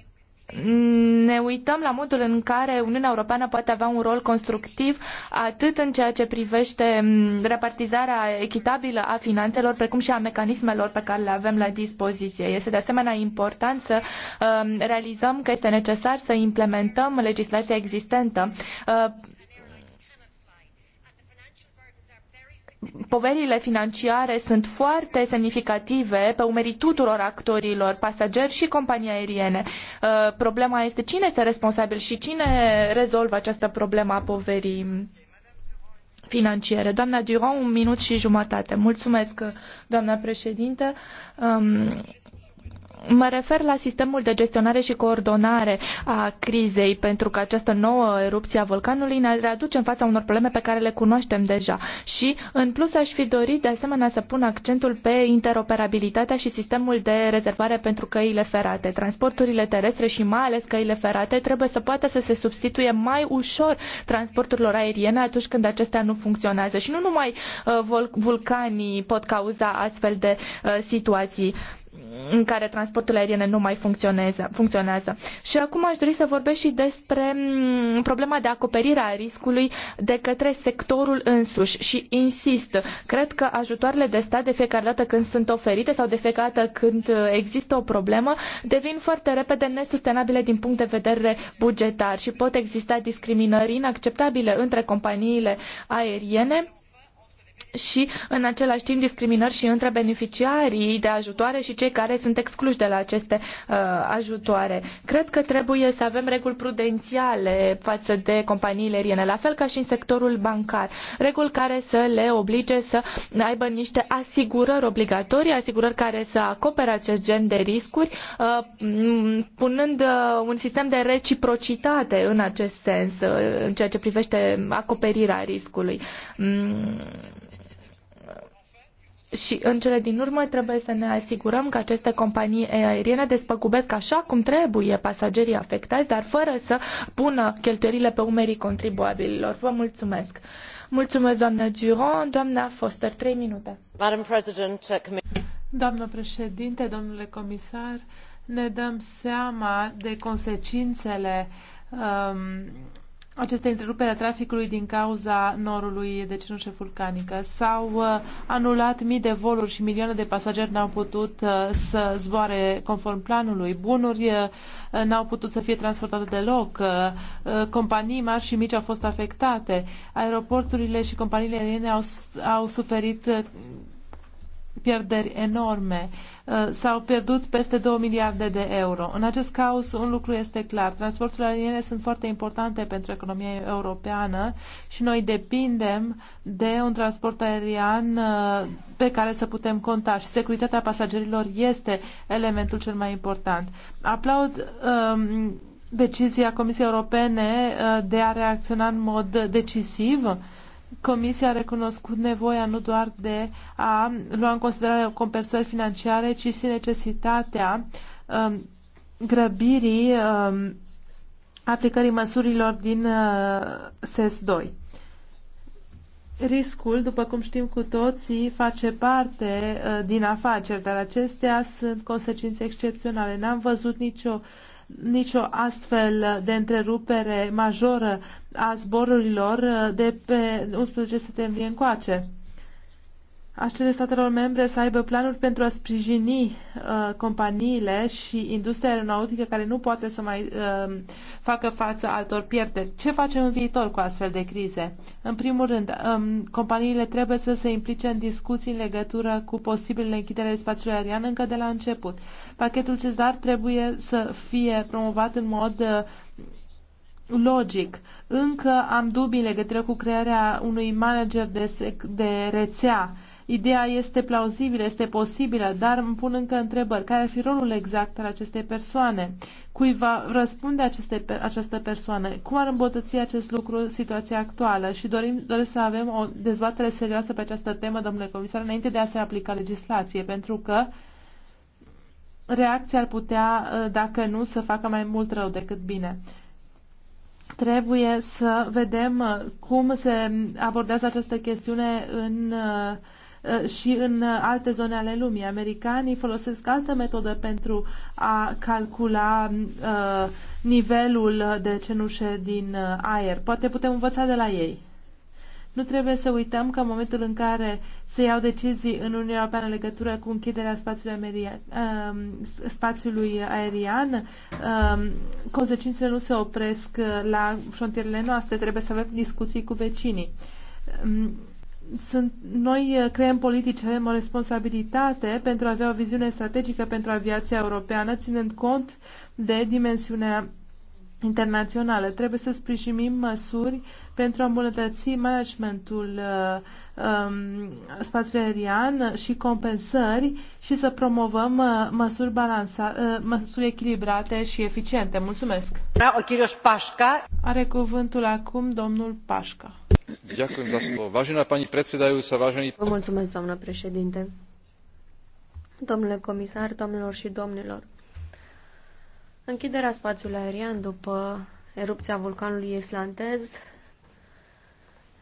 ne uităm la modul în care Uniunea Europeană poate avea un rol constructiv atât în ceea ce privește mm, repartizarea echitabilă a finanțelor, precum și a mecanismelor pe care le avem la dispoziție. Este de asemenea important să mm, realizăm că este necesar să implementăm legislația existentă mm, poverile financiare sunt foarte semnificative pe umerii tuturor actorilor, pasageri și companii aeriene. Uh, problema este cine este responsabil și cine rezolvă această problemă a poverii financiare. Doamna Duron, un minut și jumătate. Mulțumesc, doamna președintă. Um, Mă refer la sistemul de gestionare și coordonare a crizei, pentru că această nouă erupție a vulcanului ne readuce în fața unor probleme pe care le cunoaștem deja. Și, în plus, aș fi dorit de asemenea să pun accentul pe interoperabilitatea și sistemul de rezervare pentru căile ferate. Transporturile terestre și mai ales căile ferate trebuie să poată să se substituie mai ușor transporturilor aeriene atunci când acestea nu funcționează. Și nu numai uh, vulcanii pot cauza astfel de uh, situații în care transportul aerian nu mai funcționează, funcționează. Și acum aș dori să vorbesc și despre mm, problema de acoperire a riscului de către sectorul însuși și insist, cred că ajutoarele de stat de fiecare dată când sunt oferite sau de fiecare dată când uh, există o problemă devin foarte repede nesustenabile din punct de vedere bugetar și pot exista discriminări inacceptabile între companiile aeriene și în același timp discriminări și între beneficiarii de ajutoare și cei care sunt excluși de la aceste uh, ajutoare. Cred că trebuie să avem reguli prudențiale față de companiile aeriene, la fel ca și în sectorul bancar. Reguli care să le oblige să aibă niște asigurări obligatorii, asigurări care să acopere acest gen de riscuri, uh, punând uh, un sistem de reciprocitate în acest sens, uh, în ceea ce privește acoperirea riscului. Mm și în cele din urmă trebuie să ne asigurăm că aceste companii aeriene despăgubesc așa cum trebuie pasagerii afectați, dar fără să pună cheltuielile pe umerii contribuabililor. Vă mulțumesc! Mulțumesc, doamnă Giron. Doamna Foster, trei minute. Uh, doamnă președinte, domnule comisar, ne dăm seama de consecințele um, aceste întrerupere a traficului din cauza norului de cenușă vulcanică. S-au uh, anulat mii de voluri și milioane de pasageri n-au putut uh, să zboare conform planului. Bunuri uh, n-au putut să fie transportate deloc. companii mari și mici au fost afectate. Aeroporturile și companiile aeriene au, au suferit pierderi enorme. Uh, s-au pierdut peste 2 miliarde de euro. În acest caz, un lucru este clar. Transporturile aeriene sunt foarte importante pentru economia europeană și noi depindem de un transport aerian uh, pe care să putem conta și securitatea pasagerilor este elementul cel mai important. Aplaud um, decizia Comisiei Europene uh, de a reacționa în mod decisiv Comisia a recunoscut nevoia nu doar de a lua în considerare compensări financiare, ci și necesitatea um, grăbirii um, aplicării măsurilor din uh, SES-2. Riscul, după cum știm cu toții, face parte uh, din afaceri, dar acestea sunt consecințe excepționale. N-am văzut nicio uh, nicio astfel de întrerupere majoră a zborurilor de pe 11 septembrie încoace. Aș cere statelor membre să aibă planuri pentru a sprijini uh, companiile și industria aeronautică care nu poate să mai uh, facă față altor pierderi. Ce facem în viitor cu astfel de crize? În primul rând, um, companiile trebuie să se implice în discuții în legătură cu posibilele închidere spațiului aerian încă de la început. Pachetul Cezar trebuie să fie promovat în mod uh, logic. Încă am dubii în legătură cu crearea unui manager de, de rețea Ideea este plauzibilă, este posibilă, dar îmi pun încă întrebări. Care ar fi rolul exact al acestei persoane? Cui va răspunde aceste, această persoană? Cum ar îmbunătăți acest lucru situația actuală? Și dorim, doresc să avem o dezbatere serioasă pe această temă, domnule comisar, înainte de a se aplica legislație, pentru că reacția ar putea, uh, dacă nu, să facă mai mult rău decât bine trebuie să vedem uh, cum se abordează această chestiune în uh, Eh, și în eh, alte zone ale lumii. Americanii folosesc altă metodă pentru a calcula eh, nivelul de cenușe din aer. Poate putem învăța de la ei. Nu trebuie să uităm că în momentul în care se iau decizii în Uniunea Europeană în legătură cu închiderea spațiului, amerian, ehm, spațiului aerian, ehm, consecințele nu se opresc la frontierele noastre, trebuie să avem discuții cu vecinii. Ehm, sunt, noi eh, creăm politici, avem o responsabilitate pentru a avea o viziune strategică pentru aviația europeană, ținând cont de dimensiunea internațională. Trebuie să sprijinim măsuri pentru a îmbunătăți managementul eh, um, spațiul aerian și compensări și să promovăm uh, măsuri, balansa, uh, măsuri echilibrate și eficiente. Mulțumesc! Da, Are cuvântul acum domnul Pașca. Vă mulțumesc, doamnă președinte. Domnule comisar, domnilor și domnilor, închiderea spațiului aerian după erupția vulcanului islandez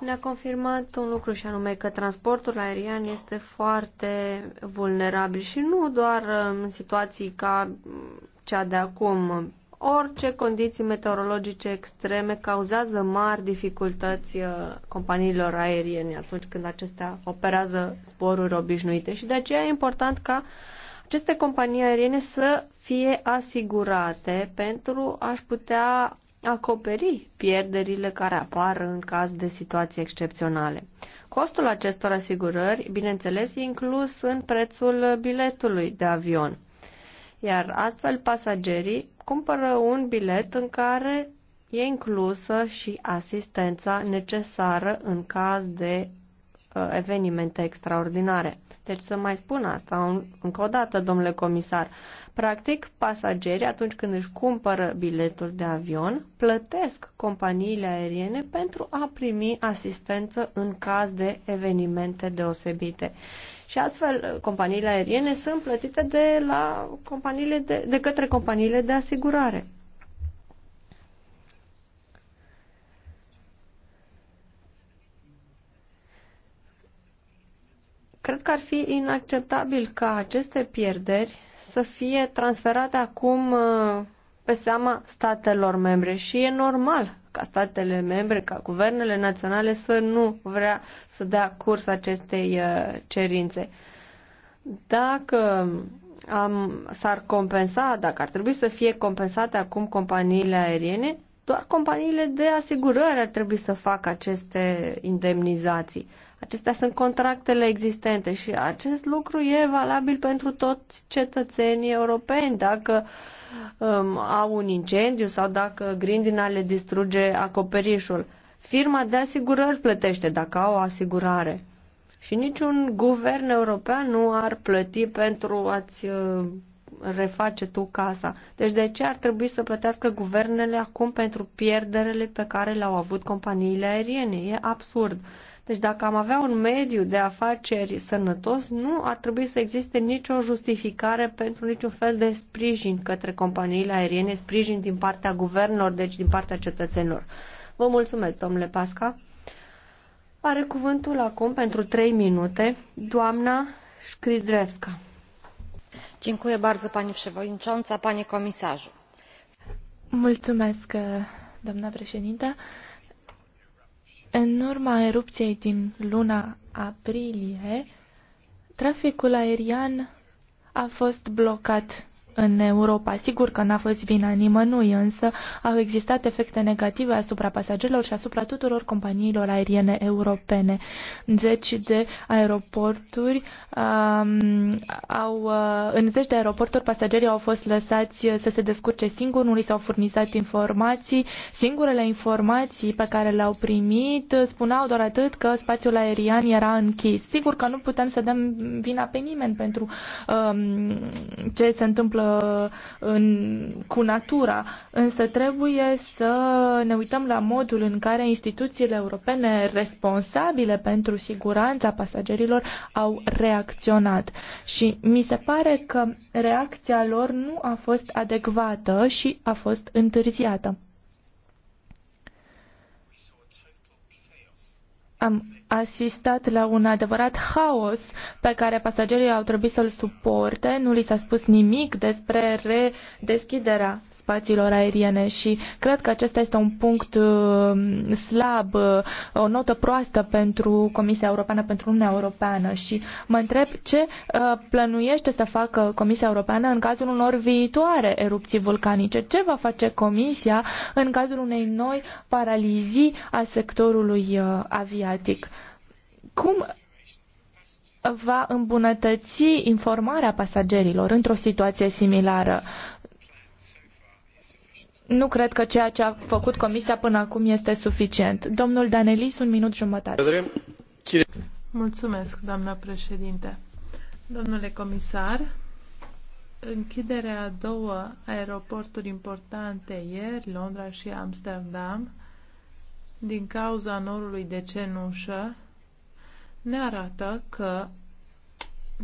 ne-a confirmat un lucru și anume că transportul aerian este foarte vulnerabil și nu doar uh, în situații ca cea de acum. Orice condiții meteorologice extreme cauzează mari dificultăți uh, companiilor aeriene atunci când acestea operează zboruri obișnuite și de aceea e important ca aceste companii aeriene să fie asigurate pentru a-și putea acoperi pierderile care apar în caz de situații excepționale. Costul acestor asigurări, bineînțeles, e inclus în prețul biletului de avion. Iar astfel pasagerii cumpără un bilet în care e inclusă și asistența necesară în caz de uh, evenimente extraordinare. Deci să mai spun asta un, încă o dată, domnule comisar, uh, Practic, pasagerii, atunci când își cumpără biletul de avion, plătesc companiile aeriene pentru a primi asistență în caz de evenimente deosebite. Și astfel, companiile aeriene sunt plătite de, la companiile de, de către companiile de asigurare. Cred că ar fi inacceptabil ca aceste pierderi să fie transferate acum uh, pe seama statelor membre și e normal ca statele membre, ca guvernele naționale să nu vrea să dea curs acestei uh, cerințe. Dacă am, s-ar compensa, dacă ar trebui să fie compensate acum companiile aeriene, doar companiile de asigurări ar trebui să facă aceste indemnizații. Acestea sunt contractele existente și acest lucru e valabil pentru toți cetățenii europeni. Dacă um, au un incendiu sau dacă grindina le distruge acoperișul, firma de asigurări plătește dacă au o asigurare. Și niciun guvern european nu ar plăti pentru a-ți uh, reface tu casa. Deci de ce ar trebui să plătească guvernele acum pentru pierderele pe care le-au avut companiile aeriene? E absurd. Deci dacă am avea un mediu de afaceri sănătos, nu ar trebui să existe nicio justificare pentru niciun fel de sprijin către companiile aeriene, sprijin din partea guvernelor, deci din partea cetățenilor. Vă mulțumesc, domnule Pasca. Are cuvântul acum pentru 3 minute doamna Șcridrevska. Dziękuję bardzo pani przewodnicząca, panie komisarzu. Mulțumesc, doamna președintă. În urma erupției din luna aprilie, traficul aerian a fost blocat în Europa. Sigur că n-a fost vina nimănui, însă au existat efecte negative asupra pasagerilor și asupra tuturor companiilor aeriene europene. Zeci de aeroporturi um, au, uh, în zeci de aeroporturi pasagerii au fost lăsați uh, să se descurce singuri, nu li s-au furnizat informații. Singurele informații pe care le-au primit uh, spuneau doar atât că spațiul aerian era închis. Sigur că nu putem să dăm vina pe nimeni pentru um, ce se întâmplă Uh, în, cu natura, însă trebuie să ne uităm la modul în care instituțiile europene responsabile pentru siguranța pasagerilor au reacționat. Și mi se pare că reacția lor nu a fost adecvată și a fost întârziată. Am asistat la un adevărat haos pe care pasagerii au trebuit să-l suporte. Nu li s-a spus nimic despre redeschiderea spațiilor aeriene și cred că acesta este un punct uh, slab, uh, o notă proastă pentru Comisia Europeană, pentru Uniunea Europeană și mă întreb ce uh, plănuiește să facă Comisia Europeană în cazul unor viitoare erupții vulcanice. Ce va face Comisia în cazul unei noi paralizii a sectorului aviatic? Cum va îmbunătăți informarea pasagerilor într-o situație similară? nu cred că ceea ce a făcut Comisia până acum este suficient. Domnul Danelis, un minut jumătate. Mulțumesc, doamna președinte. Domnule comisar, închiderea a două aeroporturi importante ieri, Londra și Amsterdam, din cauza norului de cenușă, ne arată că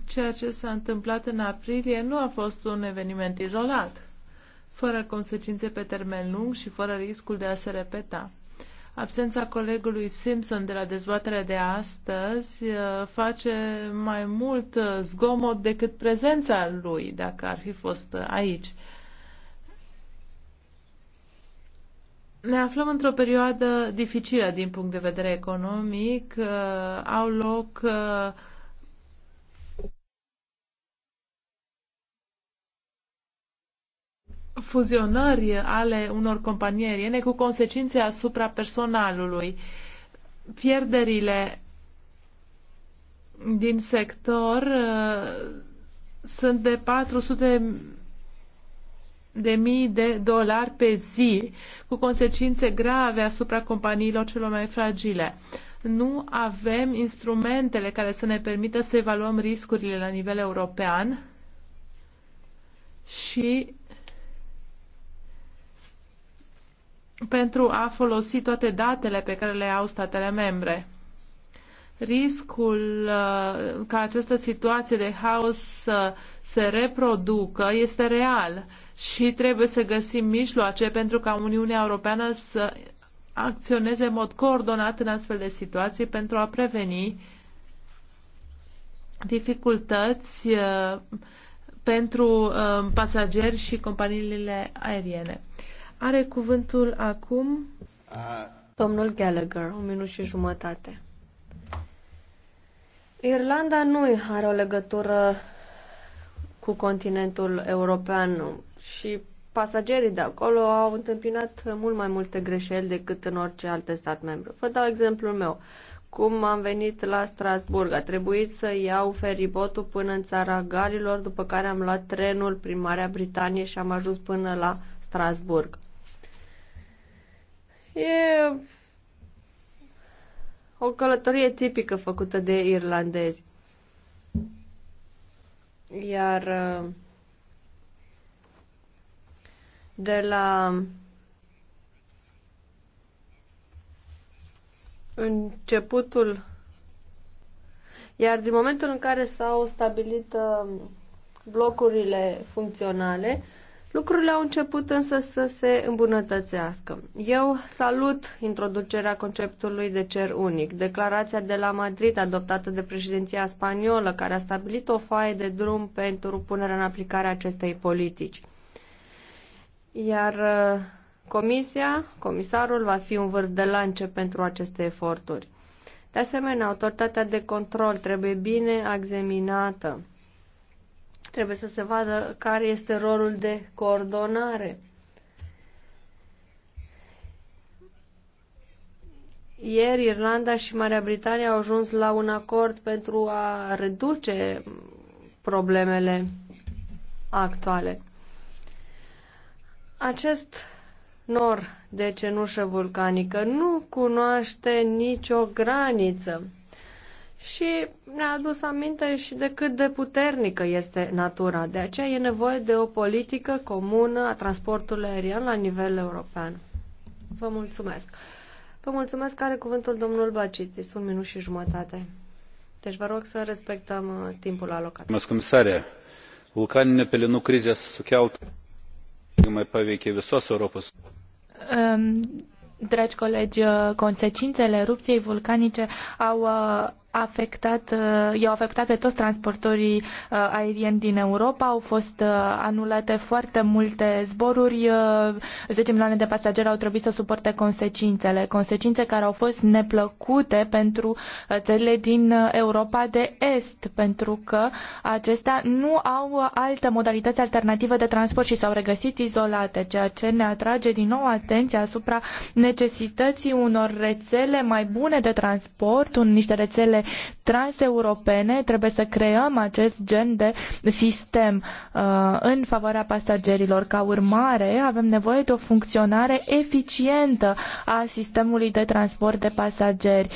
ceea ce s-a întâmplat în aprilie nu a fost un eveniment izolat fără consecințe pe termen lung și fără riscul de a se repeta. Absența colegului Simpson de la dezbaterea de astăzi uh, face mai mult uh, zgomot decât prezența lui, dacă ar fi fost uh, aici. Ne aflăm într-o perioadă dificilă din punct de vedere economic. Au loc fuzionări ale unor companii aeriene cu consecințe asupra personalului. Pierderile din sector uh, sunt de 400 de mii de dolari pe zi, cu consecințe grave asupra companiilor celor mai fragile. Nu avem instrumentele care să ne permită să evaluăm riscurile la nivel european și pentru a folosi toate datele pe care le au statele membre. Riscul uh, ca această situație de haos să se reproducă este real și trebuie să găsim mijloace pentru ca Uniunea Europeană să acționeze în mod coordonat în astfel de situații pentru a preveni dificultăți uh, pentru uh, pasageri și companiile aeriene. Are cuvântul acum domnul Gallagher, o minut și jumătate. Irlanda nu are o legătură cu continentul european și pasagerii de acolo au întâmpinat mult mai multe greșeli decât în orice alte stat membru. Vă dau exemplul meu. Cum am venit la Strasburg, a trebuit să iau feribotul până în țara Galilor, după care am luat trenul prin Marea Britanie și am ajuns până la Strasburg. E o călătorie tipică făcută de irlandezi. Iar uh, de la începutul iar din momentul în care s-au stabilit uh, blocurile funcționale, Lucrurile au început însă să se îmbunătățească. Eu salut introducerea conceptului de cer unic, declarația de la Madrid adoptată de președinția spaniolă, care a stabilit o foaie de drum pentru punerea în aplicare a acestei politici. Iar uh, comisia, comisarul, va fi un vârf de lance pentru aceste eforturi. De asemenea, autoritatea de control trebuie bine examinată Trebuie să se vadă care este rolul de coordonare. Ieri Irlanda și Marea Britanie au ajuns la un acord pentru a reduce problemele actuale. Acest nor de cenușă vulcanică nu cunoaște nicio graniță și ne-a adus aminte și de cât de puternică este natura. De aceea e nevoie de o politică comună a transportului aerian la nivel european. Vă mulțumesc. Vă mulțumesc. Are cuvântul domnul Bacitis. Un minut și jumătate. Deci vă rog să respectăm uh, timpul alocat. Mulțumesc, comisare. Vulcaninė pelinų krizės mai paveikė visos Europos. Um, dragi colegi, uh, consecințele erupției vulcanice au uh, afectat, uh, i-au afectat pe toți transportorii uh, aerieni din Europa. Au fost uh, anulate foarte multe zboruri. 10 milioane de pasageri au trebuit să suporte consecințele. Consecințe care au fost neplăcute pentru țările din Europa de Est, pentru că acestea nu au alte modalități alternative de transport și s-au regăsit izolate, ceea ce ne atrage din nou atenția asupra necesității unor rețele mai bune de transport, un, niște rețele transeuropene, trebuie să creăm acest gen de sistem uh, în favoarea pasagerilor. Ca urmare, avem nevoie de o funcționare eficientă a sistemului de transport de pasageri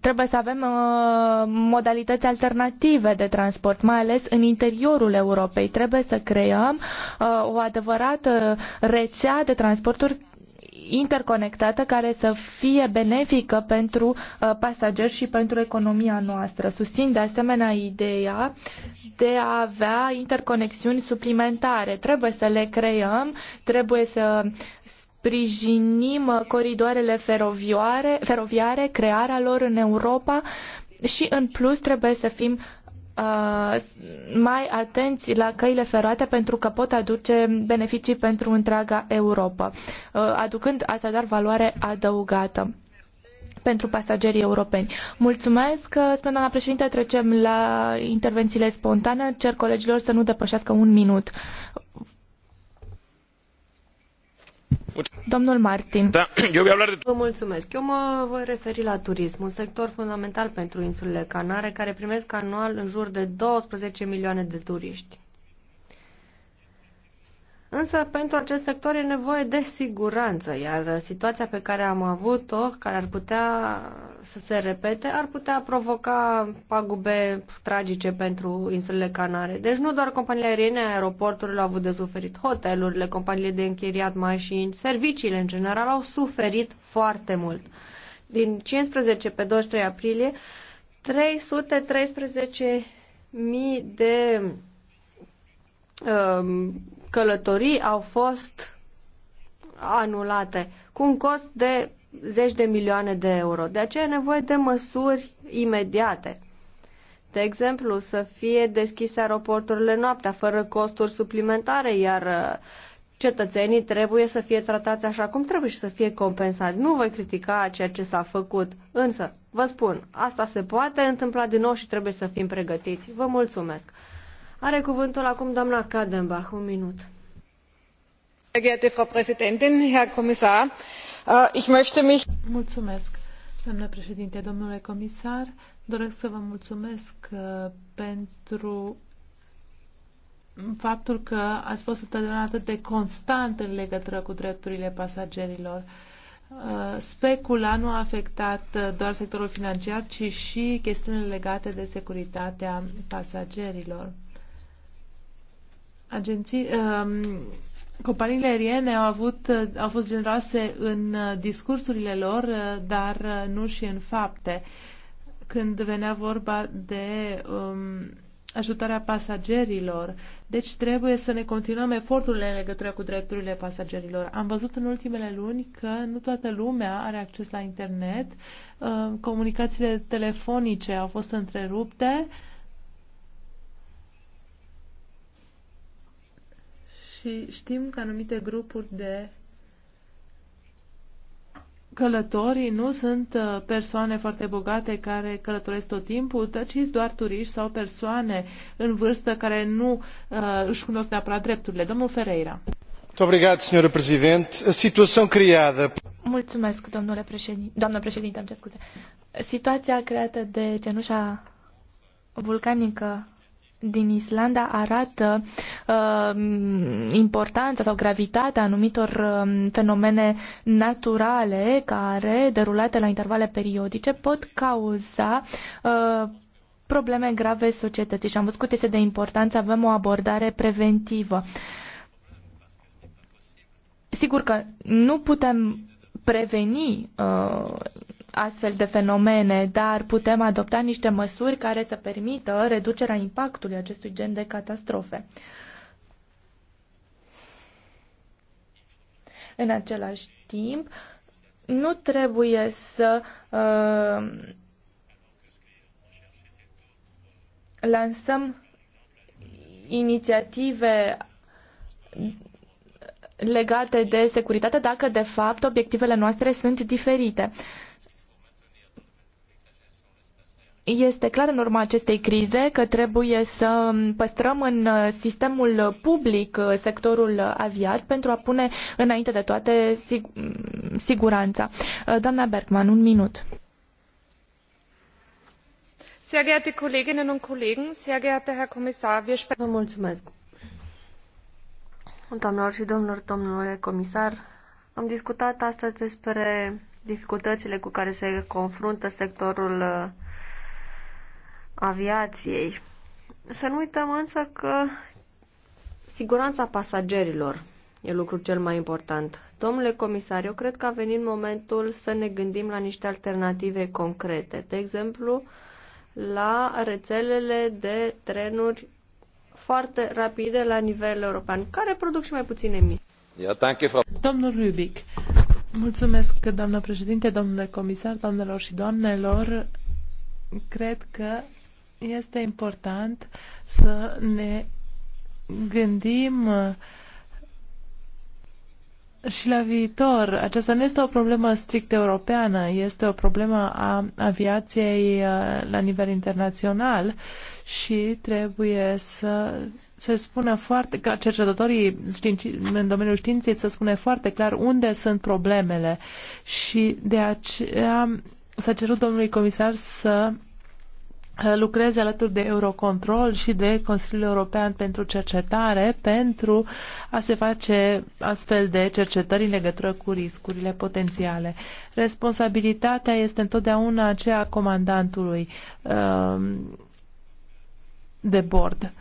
trebuie să avem uh, modalități alternative de transport, mai ales în interiorul Europei. Trebuie să creăm uh, o adevărată uh, rețea de transporturi interconectată care să fie benefică pentru uh, pasageri și pentru economia noastră. Susțin de asemenea ideea de a avea interconexiuni suplimentare. Trebuie să le creăm, trebuie să sprijinim uh, coridoarele feroviare, feroviare crearea lor în Europa și în plus trebuie să fim Uh, mai atenți la căile ferate pentru că pot aduce beneficii pentru întreaga Europa, uh, aducând așadar valoare adăugată pentru pasagerii europeni. Mulțumesc, uh, spune doamna președinte, trecem la intervențiile spontane. Cer colegilor să nu depășească un minut Domnul Martin. Da, eu voi de... Vă mulțumesc. Eu mă voi referi la turism, un sector fundamental pentru insulele Canare, care primesc anual în jur de 12 milioane de turiști. Însă, pentru acest sector e nevoie de siguranță, iar situația pe care am avut-o, care ar putea să se repete, ar putea provoca pagube tragice pentru insulele Canare. Deci nu doar companiile aeriene, aeroporturile au avut de suferit, hotelurile, companiile de închiriat mașini, serviciile în general au suferit foarte mult. Din 15 pe 23 aprilie, 313.000 de um, călătorii au fost anulate cu un cost de zeci de milioane de euro. De aceea e nevoie de măsuri imediate. De exemplu, să fie deschise aeroporturile noaptea, fără costuri suplimentare, iar uh, cetățenii trebuie să fie tratați așa cum trebuie și să fie compensați. Nu voi critica ceea ce s-a făcut, însă, vă spun, asta se poate întâmpla din nou și trebuie să fim pregătiți. Vă mulțumesc! Are cuvântul acum doamna Kadenbach, un minut. Frau Präsidentin, Herr Kommissar, äh, ich möchte mich... Mulțumesc, doamna președinte, domnule comisar. Doresc să vă mulțumesc uh, pentru faptul că ați fost întotdeauna atât de constant în legătură cu drepturile pasagerilor. Uh, specula nu a afectat uh, doar sectorul financiar, ci și chestiunile legate de securitatea pasagerilor. Agenții, um, companiile aeriene au, avut, au fost generoase în uh, discursurile lor, uh, dar uh, nu și în fapte. Când venea vorba de um, ajutarea pasagerilor. Deci trebuie să ne continuăm eforturile în legătură cu drepturile pasagerilor. Am văzut în ultimele luni că nu toată lumea are acces la internet, comunicațiile telefonice au fost întrerupte, și știm că anumite grupuri de călătorii nu sunt uh, persoane foarte bogate care călătoresc tot timpul, ci doar turiști sau persoane în vârstă care nu uh, își cunosc neapărat drepturile. Domnul Ferreira. Mulțumesc, domnule președinte. Doamnă președinte, am cer scuze. Situația creată de cenușa vulcanică din Islanda arată uh, importanța sau gravitatea anumitor uh, fenomene naturale care, derulate la intervale periodice, pot cauza uh, probleme grave societății. Și am văzut cât este de important să avem o abordare preventivă. Sigur că nu putem preveni uh, astfel de fenomene, dar putem adopta niște măsuri care să permită reducerea impactului acestui gen de catastrofe. În același timp, nu trebuie să uh, lansăm inițiative legate de securitate dacă, de fapt, obiectivele noastre sunt diferite. Uh, este clar în urma acestei crize că trebuie să păstrăm în uh, sistemul public uh, sectorul aviat pentru a pune înainte de toate sig- mm, siguranța. Uh, doamna Bergman, un minut. Sehr geehrte Kolleginnen und Kollegen, sehr geehrter Herr Kommissar, wir mulțumesc. Doamnelor și domnilor, domnule comisar, am discutat astăzi despre dificultățile cu care se confruntă sectorul uh, aviației. Să nu uităm însă că siguranța pasagerilor e lucru cel mai important. Domnule comisar, eu cred că a venit momentul să ne gândim la niște alternative concrete. De exemplu, la rețelele de trenuri foarte rapide la nivel european, care produc și mai puține emisii. Domnul Rubic, mulțumesc, doamnă președinte, domnule comisar, doamnelor și doamnelor. Cred că este important să ne gândim uh, și la viitor. Aceasta nu este o problemă strict europeană, este o problemă a aviației uh, la nivel internațional și trebuie să se spună foarte, ca cercetătorii în domeniul științei să spune foarte clar unde sunt problemele și de aceea s-a cerut domnului comisar să Uh, lucrez alături de Eurocontrol și de Consiliul European pentru Cercetare pentru a se face astfel de cercetări în legătură cu riscurile potențiale. Responsabilitatea este întotdeauna aceea a comandantului uh, de bord.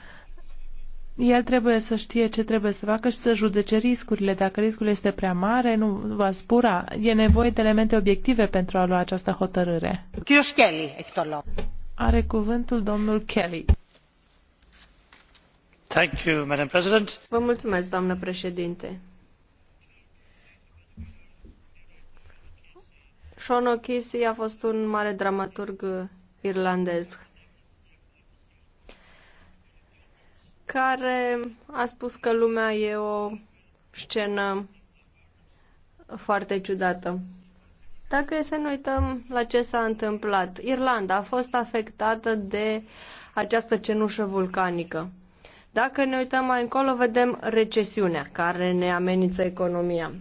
El trebuie să știe ce trebuie să facă și să judece riscurile. Dacă riscul este prea mare, nu va spura. E nevoie de elemente obiective pentru a lua această hotărâre. Are cuvântul domnul Kelly. Thank you, Madam President. Vă mulțumesc, doamnă președinte. Sean O'Casey a fost un mare dramaturg irlandez care a spus că lumea e o scenă foarte ciudată. Dacă e să ne uităm la ce s-a întâmplat, Irlanda a fost afectată de această cenușă vulcanică. Dacă ne uităm mai încolo, vedem recesiunea care ne amenință economia.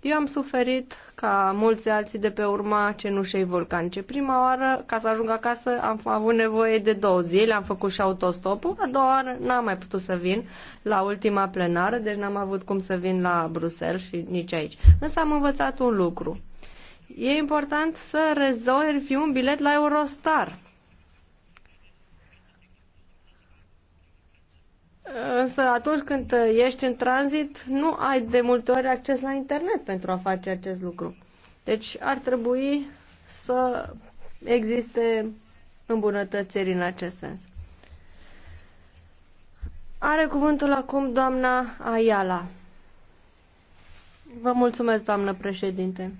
Eu am suferit ca mulți alții de pe urma cenușei vulcanice. Prima oară, ca să ajung acasă, am avut nevoie de două zile, am făcut și autostopul, a doua oară n-am mai putut să vin la ultima plenară, deci n-am avut cum să vin la Bruxelles și nici aici. Însă am învățat un lucru. E important să rezolvi un bilet la Eurostar. Însă atunci când ești în tranzit, nu ai de multe ori acces la internet pentru a face acest lucru. Deci ar trebui să existe îmbunătățiri în acest sens. Are cuvântul acum doamna Ayala. Vă mulțumesc, doamnă președinte.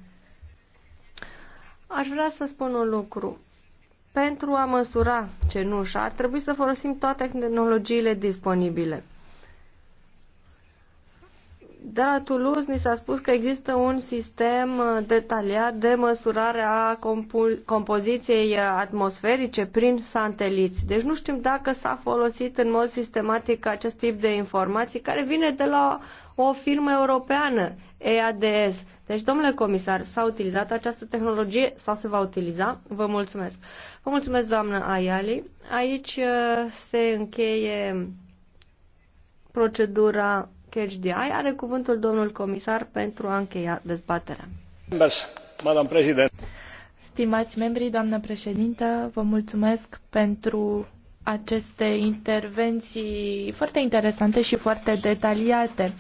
Aș vrea să spun un lucru. Pentru a măsura cenușa, ar trebui să folosim toate tehnologiile disponibile. De la Toulouse ni s-a spus că există un sistem uh, detaliat de măsurare a compo- compoziției uh, atmosferice prin sateliți. Deci nu știm dacă s-a folosit în mod sistematic acest tip de informații care vine de la o firmă europeană, EADS. Deci, domnule comisar, s-a utilizat această tehnologie sau se va utiliza? Vă mulțumesc. Vă mulțumesc, doamnă Ayali. Aici uh, se încheie procedura Catch the Eye. Are cuvântul domnul comisar pentru a încheia dezbaterea. Madam President. Stimați membrii, doamnă președintă, vă mulțumesc pentru aceste intervenții foarte interesante și foarte detaliate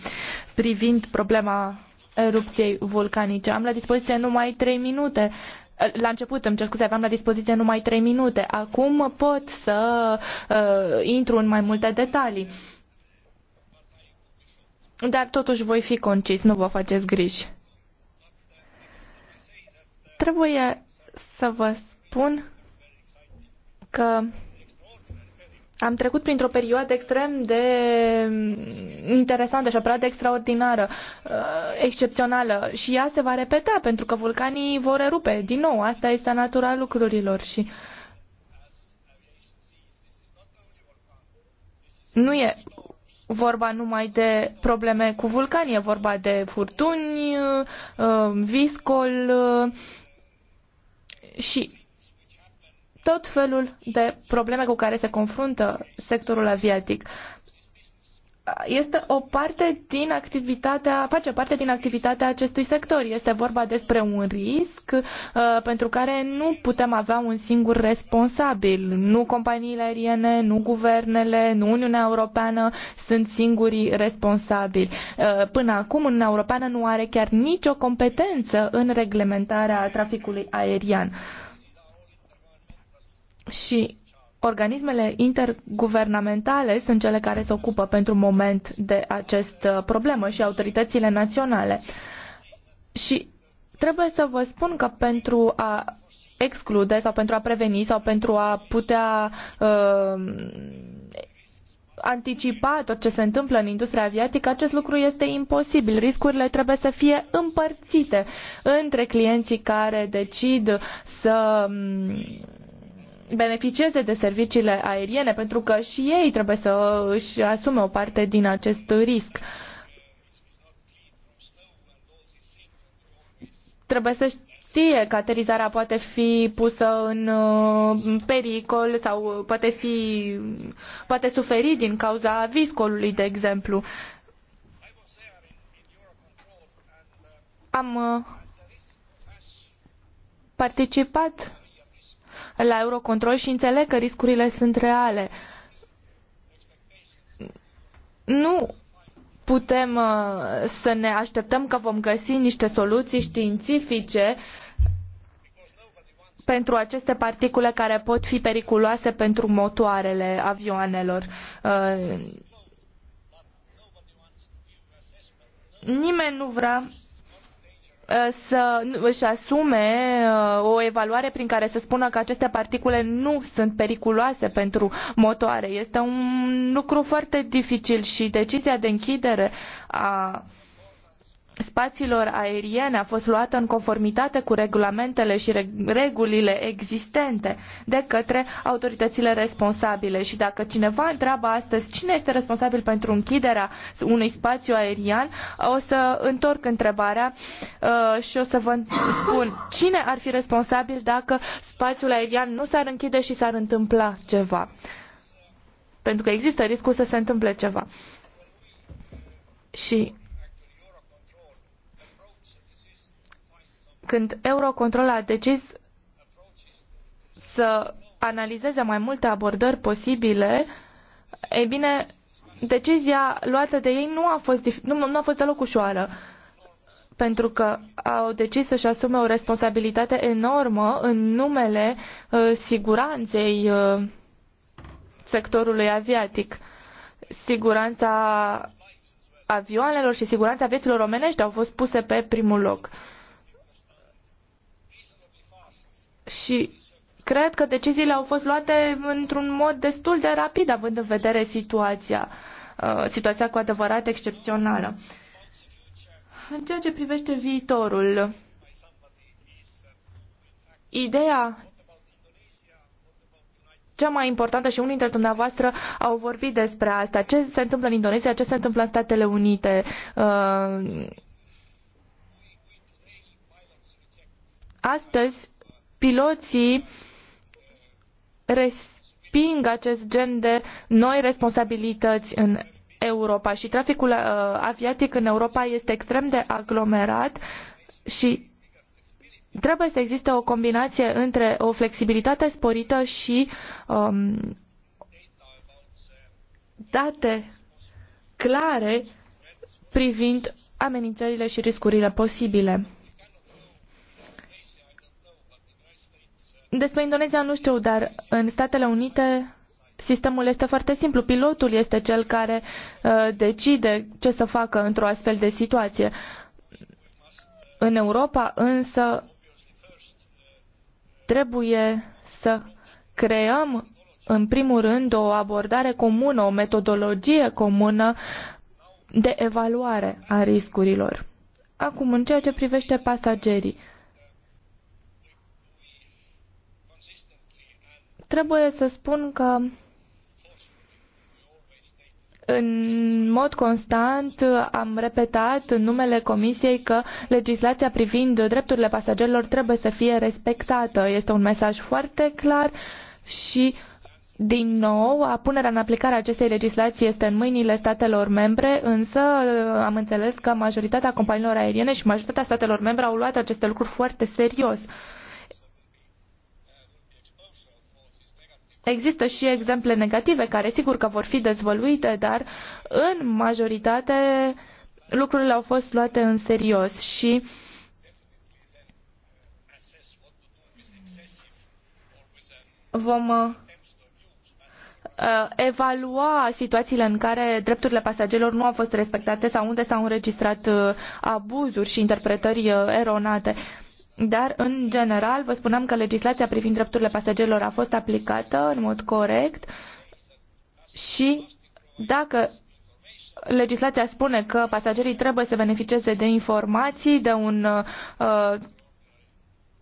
privind problema erupției vulcanice. Am la dispoziție numai 3 minute la început, îmi cer scuze, aveam la dispoziție numai 3 minute. Acum pot să uh, intru în mai multe detalii. Dar totuși voi fi concis, nu vă faceți griji. Trebuie să vă spun că am trecut printr-o perioadă extrem de mm, interesantă și o perioadă extraordinară, uh, excepțională și ea se va repeta pentru că vulcanii vor erupe din nou. Asta este natura lucrurilor și nu e vorba numai de probleme cu vulcanii, e vorba de furtuni, uh, viscol uh, și tot felul de probleme cu care se confruntă sectorul aviatic. Este o parte din activitatea, face parte din activitatea acestui sector. Este vorba despre un risc uh, pentru care nu putem avea un singur responsabil. Nu companiile aeriene, nu guvernele, nu Uniunea Europeană sunt singurii responsabili. Uh, până acum, Uniunea Europeană nu are chiar nicio competență în reglementarea traficului aerian. Uh, și organismele interguvernamentale sunt cele care se ocupă pentru moment de această uh, problemă și autoritățile naționale. Și trebuie să vă spun că pentru a exclude sau pentru a preveni sau pentru a putea uh, anticipa tot ce se întâmplă în industria aviatică, acest lucru este imposibil. Riscurile trebuie să fie împărțite între clienții care decid să mm, beneficieze de serviciile aeriene, pentru că și ei trebuie să își asume o parte din acest risc. Trebuie să știe că aterizarea poate fi pusă în uh, pericol sau poate, fi, poate suferi din cauza viscolului, de exemplu. Am uh, participat la Eurocontrol și înțeleg că riscurile sunt reale. Nu putem uh, să ne așteptăm că vom găsi niște soluții științifice pentru aceste particule care pot fi periculoase pentru motoarele avioanelor. Uh, nimeni nu vrea Uh, să își asume uh, o evaluare prin care să spună că aceste particule nu sunt periculoase pentru motoare. Este un lucru foarte dificil și decizia de închidere a spațiilor aeriene a fost luată în conformitate cu regulamentele și regulile existente de către autoritățile responsabile. Și dacă cineva întreabă astăzi cine este responsabil pentru închiderea unui spațiu aerian, o să întorc întrebarea uh, și o să vă spun cine ar fi responsabil dacă spațiul aerian nu s-ar închide și s-ar întâmpla ceva. Pentru că există riscul să se întâmple ceva. Și când Eurocontrol a decis să analizeze mai multe abordări posibile, ei bine, decizia luată de ei nu a fost, nu, nu a fost deloc ușoară pentru că au decis să-și asume o responsabilitate enormă în numele uh, siguranței uh, sectorului aviatic. Siguranța avioanelor și siguranța vieților omenești au fost puse pe primul loc. Și cred că deciziile au fost luate într-un mod destul de rapid, având în vedere situația, uh, situația cu adevărat excepțională. În ceea ce privește viitorul, ideea cea mai importantă și unii dintre dumneavoastră au vorbit despre asta. Ce se întâmplă în Indonezia, ce se întâmplă în Statele Unite? Uh, astăzi piloții resping acest gen de noi responsabilități în Europa și traficul uh, aviatic în Europa este extrem de aglomerat și trebuie să existe o combinație între o flexibilitate sporită și um, date clare privind amenințările și riscurile posibile. Despre Indonezia nu știu, dar în Statele Unite sistemul este foarte simplu. Pilotul este cel care uh, decide ce să facă într-o astfel de situație. În Europa însă trebuie să creăm în primul rând o abordare comună, o metodologie comună de evaluare a riscurilor. Acum, în ceea ce privește pasagerii, Trebuie să spun că în mod constant am repetat în numele Comisiei că legislația privind drepturile pasagerilor trebuie să fie respectată. Este un mesaj foarte clar și din nou, punerea în aplicare a acestei legislații este în mâinile statelor membre, însă uh, am înțeles că majoritatea companiilor aeriene și majoritatea statelor membre au luat aceste lucruri foarte serios. Uh, Există și exemple negative care sigur că vor fi dezvăluite, dar în majoritate lucrurile au fost luate în serios și vom uh, uh, evalua situațiile în care drepturile pasagerilor nu au fost respectate sau unde s-au înregistrat uh, abuzuri și interpretări eronate. Dar, în general, vă spuneam că legislația privind drepturile pasagerilor a fost aplicată în mod corect și dacă legislația spune că pasagerii trebuie să beneficieze de informații, de un uh,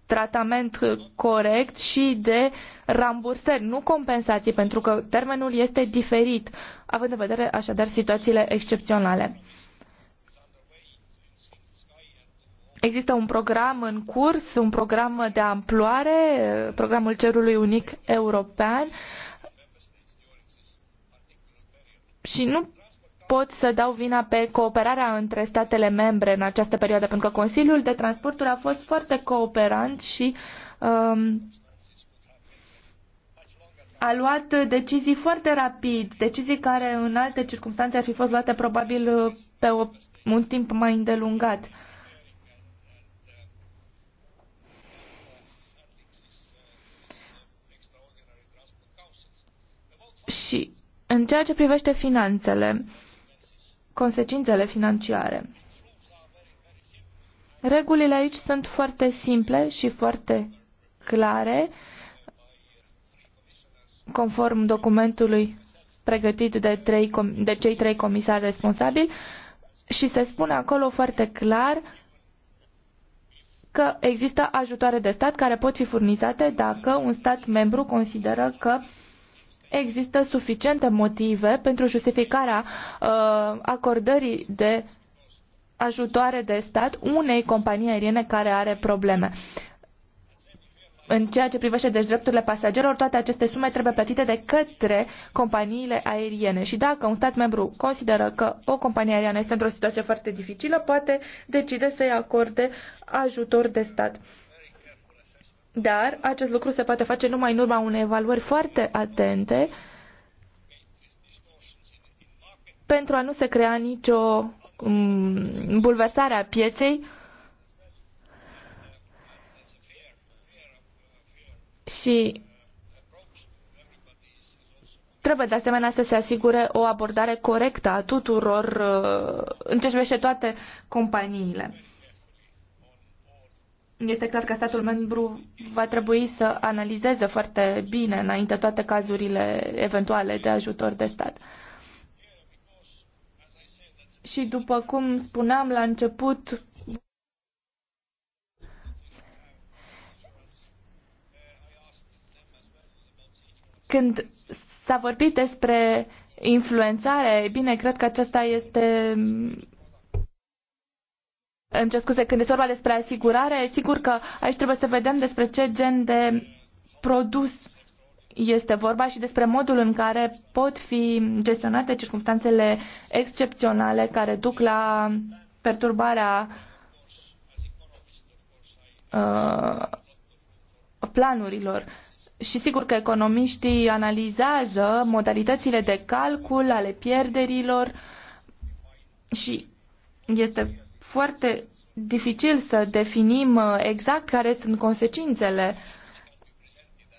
tratament corect și de rambursări, nu compensații, pentru că termenul este diferit, având în vedere așadar situațiile excepționale. Există un program în curs, un program de amploare, programul Cerului Unic European și nu pot să dau vina pe cooperarea între statele membre în această perioadă, pentru că Consiliul de Transporturi a fost foarte cooperant și um, a luat decizii foarte rapid, decizii care în alte circunstanțe ar fi fost luate probabil pe o, un timp mai îndelungat. Și în ceea ce privește finanțele, consecințele financiare, regulile aici sunt foarte simple și foarte clare, conform documentului pregătit de, trei, de cei trei comisari responsabili și se spune acolo foarte clar că există ajutoare de stat care pot fi furnizate dacă un stat membru consideră că uh, există suficiente motive pentru justificarea uh, acordării de ajutoare de stat unei companii aeriene care are probleme. În ceea ce privește deci drepturile pasagerilor, toate aceste sume trebuie plătite de către companiile aeriene. Și dacă un stat membru consideră că o companie aeriană este într-o situație foarte dificilă, poate decide să-i acorde ajutor de stat. Dar acest lucru se poate face numai în urma unei evaluări foarte atente pentru a nu se crea nicio mm, bulversare a pieței și trebuie de asemenea să se asigure o abordare corectă a tuturor, uh, în ce privește toate companiile este clar că statul membru va trebui să analizeze foarte bine înainte toate cazurile eventuale de ajutor de stat. Și după cum spuneam la început, când s-a vorbit despre influențare, bine, cred că aceasta este îmi cer scuze, când este vorba despre asigurare, sigur că aici trebuie să vedem despre ce gen de produs este vorba și despre modul în care pot fi gestionate circunstanțele excepționale care duc la perturbarea uh, planurilor. Și sigur că economiștii analizează modalitățile de calcul ale pierderilor și este foarte dificil să definim uh, exact care sunt consecințele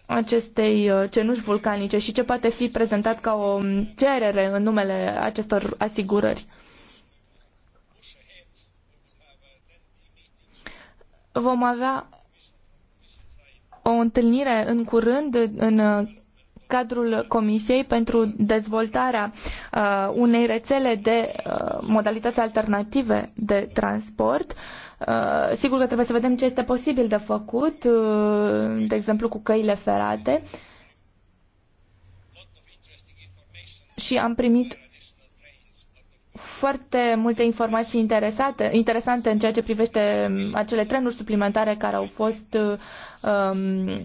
acestei uh, cenuși vulcanice și ce poate fi prezentat ca o um, cerere în numele acestor asigurări. Vom avea o întâlnire în curând în uh, cadrul Comisiei pentru dezvoltarea Uh, unei rețele de uh, modalități alternative de transport. Uh, sigur că trebuie să vedem ce este posibil de făcut, de exemplu cu căile ferate. Și am primit foarte multe informații interesate, interesante în ceea ce privește acele trenuri suplimentare care au fost um,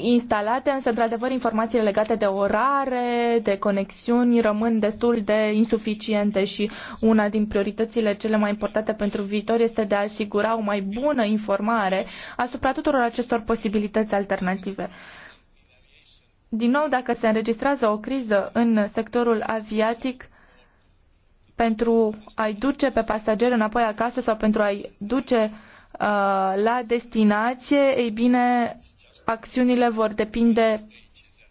instalate, însă, într-adevăr, informațiile legate de orare, de conexiuni rămân destul de insuficiente și una din prioritățile cele mai importante pentru viitor este de a asigura o mai bună informare asupra tuturor acestor posibilități alternative. Din nou, dacă se înregistrează o criză în sectorul aviatic, pentru a-i duce pe pasageri înapoi acasă sau pentru a-i duce uh, la destinație, ei bine, acțiunile vor depinde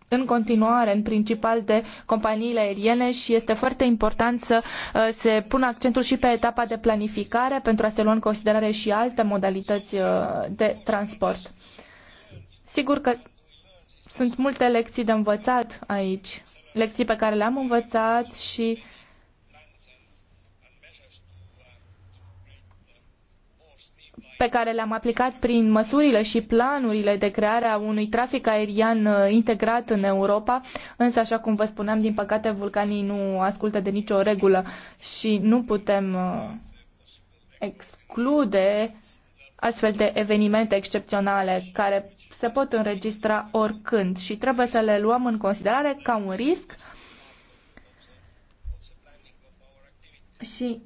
în continuare, în principal, de companiile aeriene și este foarte important să uh, se pună accentul și pe etapa de planificare pentru a se lua în considerare și alte modalități uh, de transport. Sigur că sunt multe lecții de învățat aici, lecții pe care le-am învățat și pe care le-am aplicat prin măsurile și planurile de creare a unui trafic aerian uh, integrat în Europa, însă, așa cum vă spuneam, din păcate, vulcanii nu ascultă de nicio regulă și nu putem uh, exclude astfel de evenimente excepționale care se pot înregistra oricând și trebuie să le luăm în considerare ca un risc și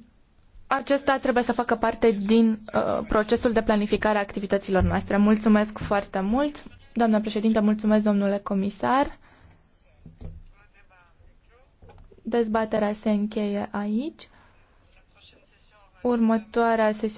acesta trebuie să facă parte din uh, procesul de planificare a activităților noastre. Mulțumesc foarte mult, doamna președinte, mulțumesc domnule comisar. Dezbaterea se încheie aici. Următoarea sesiune.